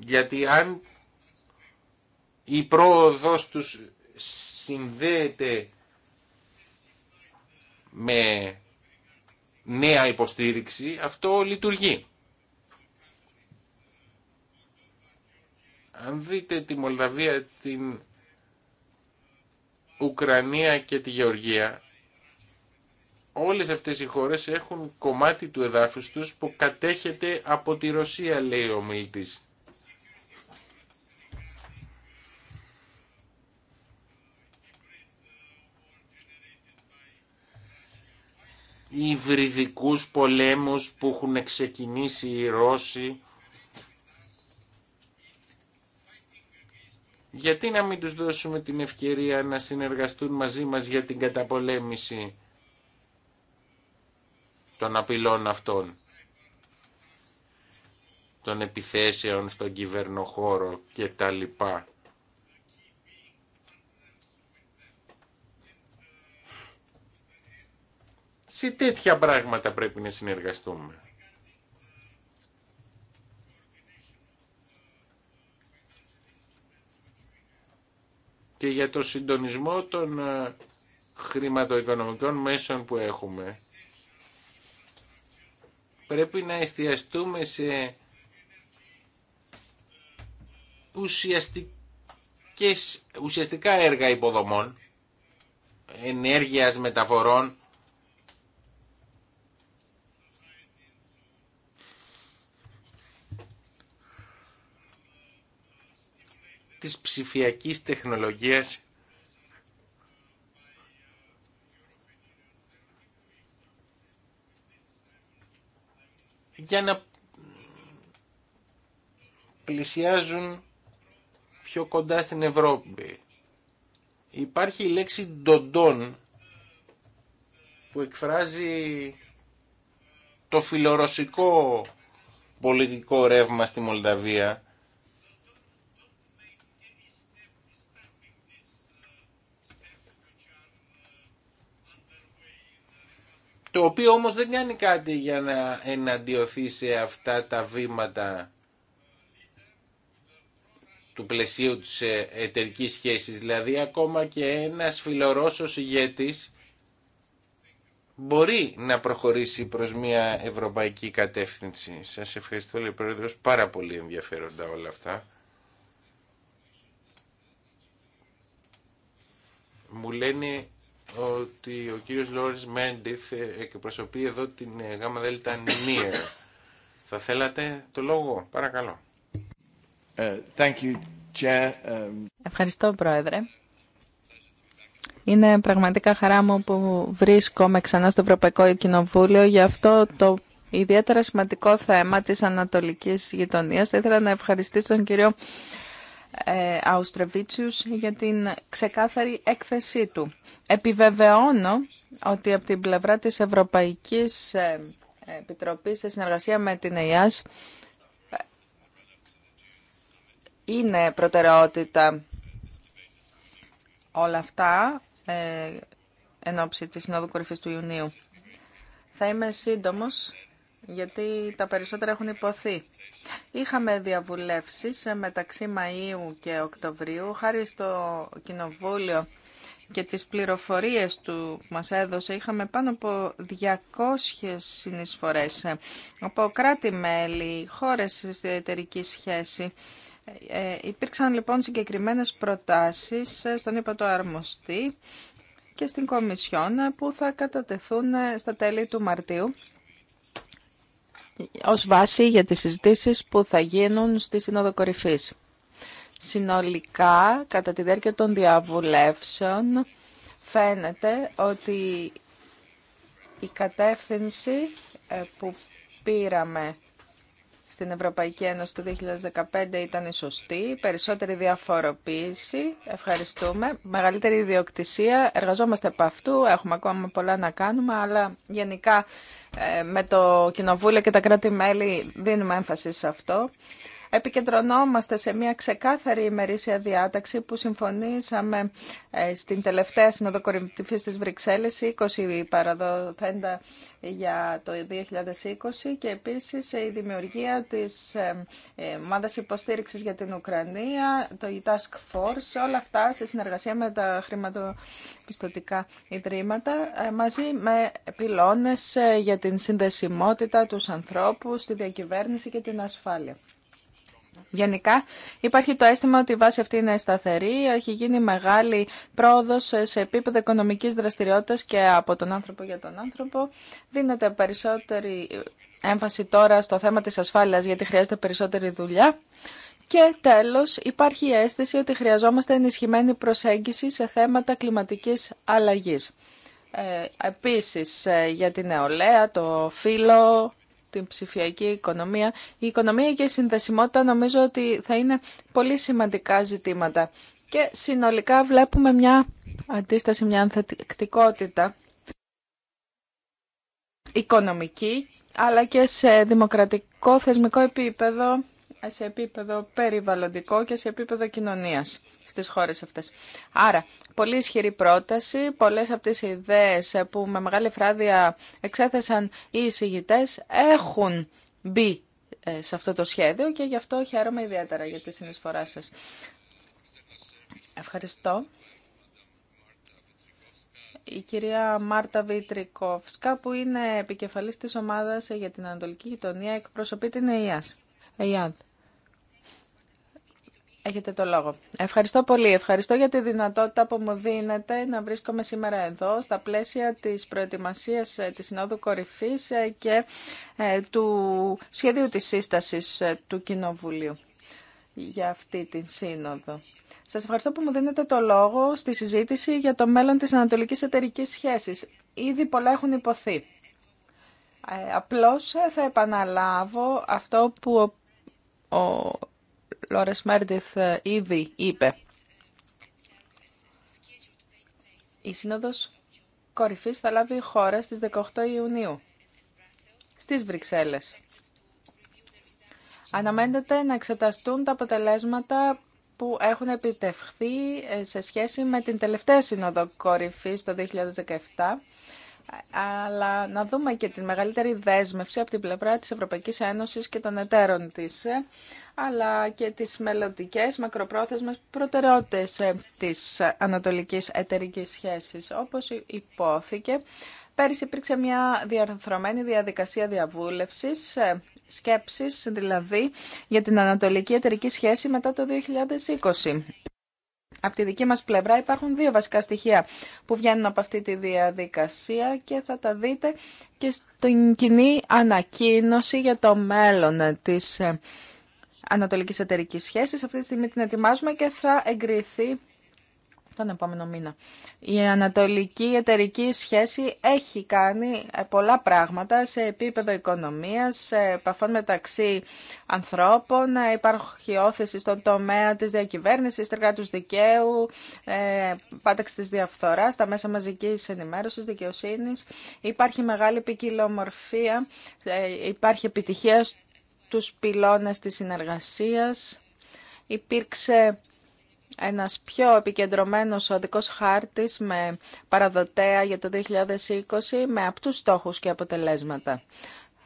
Γιατί αν η πρόοδος τους συνδέεται με νέα υποστήριξη, αυτό λειτουργεί. Αν δείτε τη Μολδαβία, την Ουκρανία και τη Γεωργία, όλες αυτές οι χώρες έχουν κομμάτι του εδάφους τους που κατέχεται από τη Ρωσία, λέει ο υβριδικούς πολέμους που έχουν ξεκινήσει οι Ρώσοι. Γιατί να μην τους δώσουμε την ευκαιρία να συνεργαστούν μαζί μας για την καταπολέμηση των απειλών αυτών, των επιθέσεων στον κυβερνοχώρο και τα λοιπά. Σε τέτοια πράγματα πρέπει να συνεργαστούμε. Και για το συντονισμό των ε, χρηματοοικονομικών μέσων που έχουμε, πρέπει να εστιαστούμε σε ουσιαστικά έργα υποδομών, ενέργειας μεταφορών, της ψηφιακής τεχνολογίας για να πλησιάζουν πιο κοντά στην Ευρώπη. Υπάρχει η λέξη ντοντών που εκφράζει το φιλορωσικό πολιτικό ρεύμα στη Μολδαβία το οποίο όμως δεν κάνει κάτι για να εναντιωθεί σε αυτά τα βήματα του πλαισίου της ε, εταιρικής σχέσης. Δηλαδή ακόμα και ένας φιλορώσος ηγέτης μπορεί να προχωρήσει προς μια ευρωπαϊκή κατεύθυνση. Σας ευχαριστώ, λέει Πρόεδρος, πάρα πολύ ενδιαφέροντα όλα αυτά. Μου λένε ότι ο κύριος Λόρις Μέντιθ εκπροσωπεί εδώ την ε, γάμα δέλτα Νίερ. Θα θέλατε το λόγο, παρακαλώ. Ε, Ευχαριστώ, Πρόεδρε. Είναι πραγματικά χαρά μου που βρίσκομαι ξανά στο Ευρωπαϊκό Κοινοβούλιο για αυτό το ιδιαίτερα σημαντικό θέμα της Ανατολικής Γειτονίας. Θα ήθελα να ευχαριστήσω τον κύριο Αουστρεβίτσιους για την ξεκάθαρη έκθεσή του. Επιβεβαιώνω ότι από την πλευρά της Ευρωπαϊκής ε, Επιτροπής σε συνεργασία με την ΕΙΑΣ είναι προτεραιότητα όλα αυτά ε, εν ώψη της Συνόδου Κορυφής του Ιουνίου. Θα είμαι σύντομος γιατί τα περισσότερα έχουν υποθεί. Είχαμε διαβουλεύσεις μεταξύ Μαΐου και Οκτωβρίου, χάρη στο Κοινοβούλιο και τις πληροφορίες του που μας έδωσε είχαμε πάνω από 200 συνεισφορές από κράτη-μέλη, χώρες στη εταιρική σχέση. Ε, υπήρξαν λοιπόν συγκεκριμένες προτάσεις ε, στον είπα αρμοστή και στην Κομισιόν ε, που θα κατατεθούν στα τέλη του Μαρτίου ως βάση για τις συζητήσεις που θα γίνουν στη Σύνοδο Κορυφής. Συνολικά, κατά τη διάρκεια των διαβουλεύσεων, φαίνεται ότι η κατεύθυνση ε, που πήραμε στην Ευρωπαϊκή Ένωση το 2015 ήταν η σωστή. Περισσότερη διαφοροποίηση. Ευχαριστούμε. Μεγαλύτερη ιδιοκτησία. Εργαζόμαστε από αυτού. Έχουμε ακόμα πολλά να κάνουμε, αλλά γενικά ε, με το Κοινοβούλιο και τα κράτη-μέλη δίνουμε έμφαση σε αυτό επικεντρωνόμαστε σε μια ξεκάθαρη ημερήσια διάταξη που συμφωνήσαμε ε, στην τελευταία Σύνοδο Κορυφής της Βρυξέλλης 20 παραδοθέντα για το 2020 και επίσης η δημιουργία της ε, ε, ομάδας υποστήριξης για την Ουκρανία, το Task Force, όλα αυτά σε συνεργασία με τα χρηματοπιστωτικά ιδρύματα, μαζί με πυλώνες για την συνδεσιμότητα τους ανθρώπους, τη διακυβέρνηση και την ασφάλεια. Γενικά υπάρχει το αίσθημα ότι η βάση αυτή είναι σταθερή, έχει γίνει μεγάλη πρόοδος σε επίπεδο οικονομικής δραστηριότητας και από τον άνθρωπο για τον άνθρωπο. Δίνεται περισσότερη έμφαση τώρα στο θέμα της ασφάλειας γιατί χρειάζεται περισσότερη δουλειά. Και τέλος υπάρχει η αίσθηση ότι χρειαζόμαστε ενισχυμένη προσέγγιση σε θέματα κλιματικής αλλαγής. Ε, επίσης ε, για την νεολαία, το φύλλο, την ψηφιακή οικονομία. Η οικονομία και η συνδεσιμότητα νομίζω ότι θα είναι πολύ σημαντικά ζητήματα. Και συνολικά βλέπουμε μια αντίσταση, μια ανθεκτικότητα οικονομική, αλλά και σε δημοκρατικό θεσμικό επίπεδο, σε επίπεδο περιβαλλοντικό και σε επίπεδο κοινωνίας. Στι χώρες αυτές. Άρα, πολύ ισχυρή πρόταση, πολλές από τις ιδέες που με μεγάλη φράδια εξέθεσαν οι εισηγητέ έχουν μπει ε, σε αυτό το σχέδιο και γι' αυτό χαίρομαι ιδιαίτερα για τη συνεισφορά σα. Ευχαριστώ. Η κυρία Μάρτα Βιτρικόφσκα, που είναι επικεφαλής της ομάδας για την Ανατολική Γειτονία, εκπροσωπεί την ΕΙΑΣ. Έχετε το λόγο. Ευχαριστώ πολύ. Ευχαριστώ για τη δυνατότητα που μου δίνετε να βρίσκομαι σήμερα εδώ στα πλαίσια της προετοιμασίας ε, της Συνόδου Κορυφής ε, και ε, του σχεδίου της σύστασης του Κοινοβουλίου για αυτή την Σύνοδο. Σας ευχαριστώ που μου δίνετε το λόγο στη συζήτηση για το μέλλον της Ανατολικής Εταιρικής Σχέσης. Ήδη πολλά έχουν υποθεί. Απλώς θα επαναλάβω αυτό που ο Λόρες Μέρντιθ ε, ήδη είπε. Η Σύνοδος Κορυφής θα λάβει χώρα στις 18 Ιουνίου στις Βρυξέλλες. Αναμένεται να εξεταστούν τα αποτελέσματα που έχουν επιτευχθεί ε, σε σχέση με την τελευταία Σύνοδο Κορυφής το 2017 αλλά να δούμε και τη μεγαλύτερη δέσμευση από την πλευρά της Ευρωπαϊκής Ένωσης και των εταίρων της, ε, αλλά και τις μελλοντικέ μακροπρόθεσμες προτεραιότητες ε, της ανατολικής εταιρικής σχέσης. Όπως υπόθηκε, πέρυσι υπήρξε μια διαρθρωμένη διαδικασία διαβούλευσης, ε, σκέψης δηλαδή, για την ανατολική εταιρική σχέση μετά το 2020 από τη δική μας πλευρά υπάρχουν δύο βασικά στοιχεία που βγαίνουν από αυτή τη διαδικασία και θα τα δείτε και στην κοινή ανακοίνωση για το μέλλον της ε, Ανατολικής Εταιρικής Σχέσης. Αυτή τη στιγμή την ετοιμάζουμε και θα εγκριθεί τον επόμενο μήνα. Η ανατολική εταιρική σχέση έχει κάνει ε, πολλά πράγματα σε επίπεδο οικονομίας, σε επαφών μεταξύ ανθρώπων, ε, υπάρχει όθεση στον τομέα της διακυβέρνησης, του δικαίου, ε, πάταξη της διαφθοράς, τα μέσα μαζικής ενημέρωσης, δικαιοσύνης. Υπάρχει μεγάλη ποικιλομορφία, υπάρχει επιτυχία στους πυλώνες της συνεργασίας, υπήρξε ένας πιο επικεντρωμένος οδικός χάρτης με παραδοτέα για το 2020 με απτούς στόχους και αποτελέσματα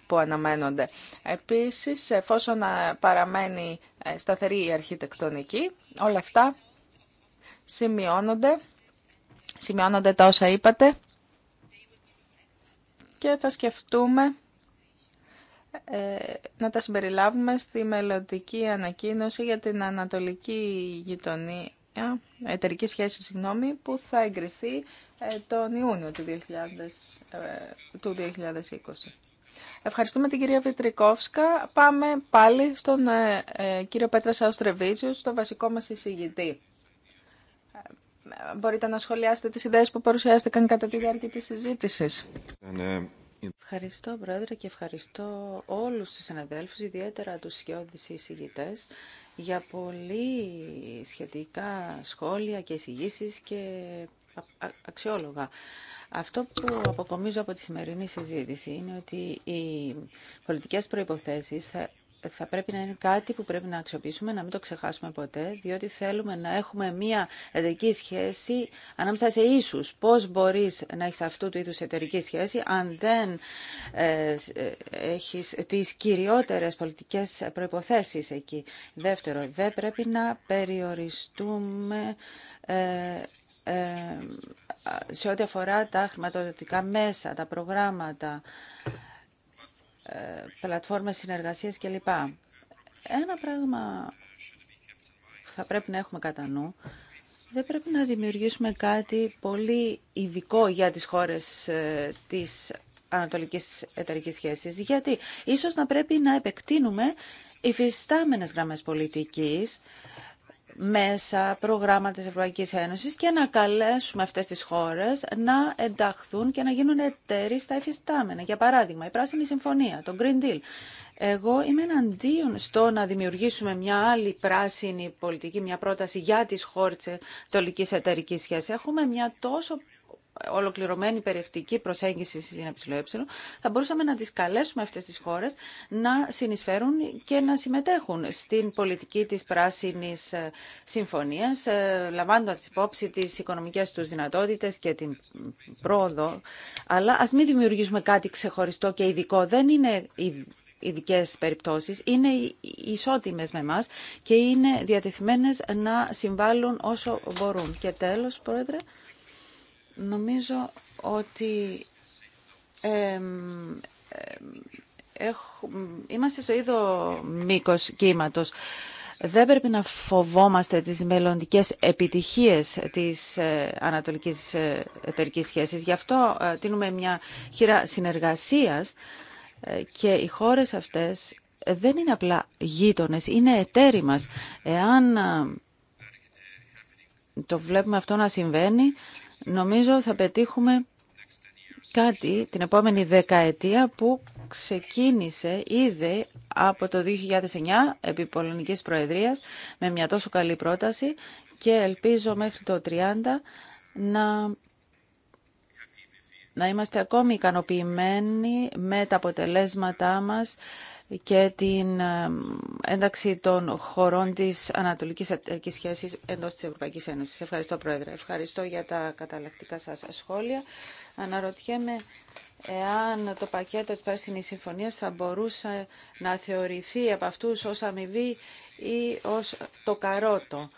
που αναμένονται. Επίσης, εφόσον ε, παραμένει ε, σταθερή η αρχιτεκτονική, όλα αυτά σημειώνονται, σημειώνονται τα όσα είπατε και θα σκεφτούμε ε, να τα συμπεριλάβουμε στη μελλοντική ανακοίνωση για την ανατολική γειτονία, εταιρική σχέση, συγγνώμη, που θα εγκριθεί ε, τον Ιούνιο του, 2000, 2020. Ε, Ευχαριστούμε την κυρία Βιτρικόφσκα. Πάμε πάλι στον κύριο Πέτρα Σαουστρεβίτσιου, στο βασικό μας εισηγητή. Μπορείτε να σχολιάσετε τις ιδέες που παρουσιάστηκαν κατά τη διάρκεια της συζήτησης. Ναι. Ευχαριστώ, Πρόεδρε, και ευχαριστώ όλους τους συναδέλφους, ιδιαίτερα τους σκιώδη εισηγητές, για πολύ σχετικά σχόλια και εισηγήσει και αξιόλογα. Αυτό που αποκομίζω από τη σημερινή συζήτηση είναι ότι οι πολιτικές προϋποθέσεις θα θα πρέπει να είναι κάτι που πρέπει να αξιοποιήσουμε, να μην το ξεχάσουμε ποτέ, διότι θέλουμε να έχουμε μια εταιρική σχέση ανάμεσα σε ίσους. Πώς μπορείς να έχεις αυτού του είδους εταιρική σχέση αν δεν ε, ε έχεις τις κυριότερες πολιτικές προϋποθέσεις εκεί. Δεύτερο, δεν πρέπει να περιοριστούμε ε, ε, σε ό,τι αφορά τα χρηματοδοτικά μέσα, τα προγράμματα. Ε, πλατφόρμες συνεργασίας κλπ. Ένα πράγμα που θα πρέπει να έχουμε κατά νου, δεν πρέπει να δημιουργήσουμε κάτι πολύ ειδικό για τις χώρες ε, της ανατολικής εταιρικής σχέσης, Γιατί ίσως να πρέπει να επεκτείνουμε υφιστάμενε γραμμές πολιτικής μέσα, προγράμματα της Ευρωπαϊκής Ένωσης και να καλέσουμε αυτές τις χώρες να ενταχθούν και να γίνουν εταίροι στα εφιστάμενα. Για παράδειγμα, η Πράσινη Συμφωνία, το Green Deal. Εγώ είμαι εναντίον στο να δημιουργήσουμε μια άλλη πράσινη πολιτική, μια πρόταση για τις χώρες της εταιρικής εταιρικής σχέσης. Έχουμε μια τόσο ολοκληρωμένη περιεκτική προσέγγιση στη ΕΕ, θα μπορούσαμε να τις καλέσουμε αυτές τις χώρες να συνεισφέρουν και να συμμετέχουν στην πολιτική της πράσινης ε, συμφωνίας, ε, λαμβάνοντα υπόψη τις οικονομικές τους δυνατότητες και την πρόοδο. Αλλά ας μην δημιουργήσουμε κάτι ξεχωριστό και ειδικό. Δεν είναι ειδικέ περιπτώσεις είναι ισότιμες με εμά και είναι διατεθειμένες να συμβάλλουν όσο μπορούν. Και τέλος, Πρόεδρε, Νομίζω ότι ε, είμαστε στο είδο μήκο κύματος. Δεν πρέπει να φοβόμαστε τις μελλοντικές επιτυχίες της ε, ανατολικής ε, εταιρικής σχέσης. Γι' αυτό ε, τίνουμε μια χειρά συνεργασίας και οι χώρες αυτές δεν είναι απλά γείτονες, είναι εταίροι μας. Εάν το βλέπουμε αυτό να συμβαίνει, νομίζω θα πετύχουμε κάτι την επόμενη δεκαετία που ξεκίνησε ήδη από το 2009 επί Πολωνικής Προεδρίας με μια τόσο καλή πρόταση και ελπίζω μέχρι το 30 να, να είμαστε ακόμη ικανοποιημένοι με τα αποτελέσματά μας και την ένταξη των χωρών της Ανατολικής Αττικής Σχέσης εντός της Ευρωπαϊκής Ένωσης. Ευχαριστώ, Πρόεδρε. Ευχαριστώ για τα καταλακτικά σας σχόλια. Αναρωτιέμαι εάν το πακέτο της πράσινη Συμφωνίας θα μπορούσε να θεωρηθεί από αυτούς ως αμοιβή ή ως το καρότο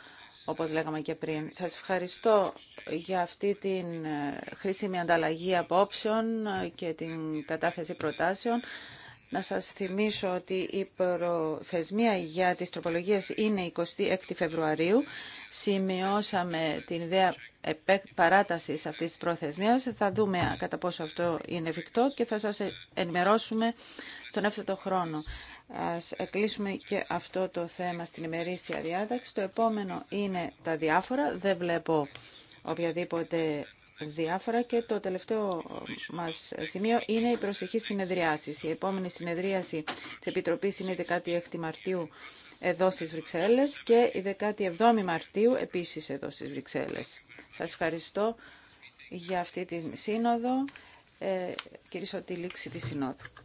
όπως λέγαμε και πριν. Σας ευχαριστώ για αυτή την ε, χρήσιμη ανταλλαγή απόψεων και την κατάθεση προτάσεων. Να σας θυμίσω ότι η προθεσμία για τις τροπολογίες είναι 26 Φεβρουαρίου. Σημειώσαμε την ιδέα παράτασης αυτής της προθεσμίας. Θα δούμε κατά πόσο αυτό είναι εφικτό και θα σας ενημερώσουμε στον έφτατο χρόνο. Ας κλείσουμε και αυτό το θέμα στην ημερήσια διάταξη. Το επόμενο είναι τα διάφορα. Δεν βλέπω οποιαδήποτε διάφορα και το τελευταίο μας σημείο είναι η προσεχή συνεδριάσεις. Η επόμενη συνεδρίαση της Επιτροπής είναι η 16 Μαρτίου εδώ στις Βρυξέλλες και η 17η Μαρτίου επίσης εδώ στις Βρυξέλλες. Σας ευχαριστώ για αυτή τη σύνοδο. Ε, κυρίσω τη λήξη της συνόδου.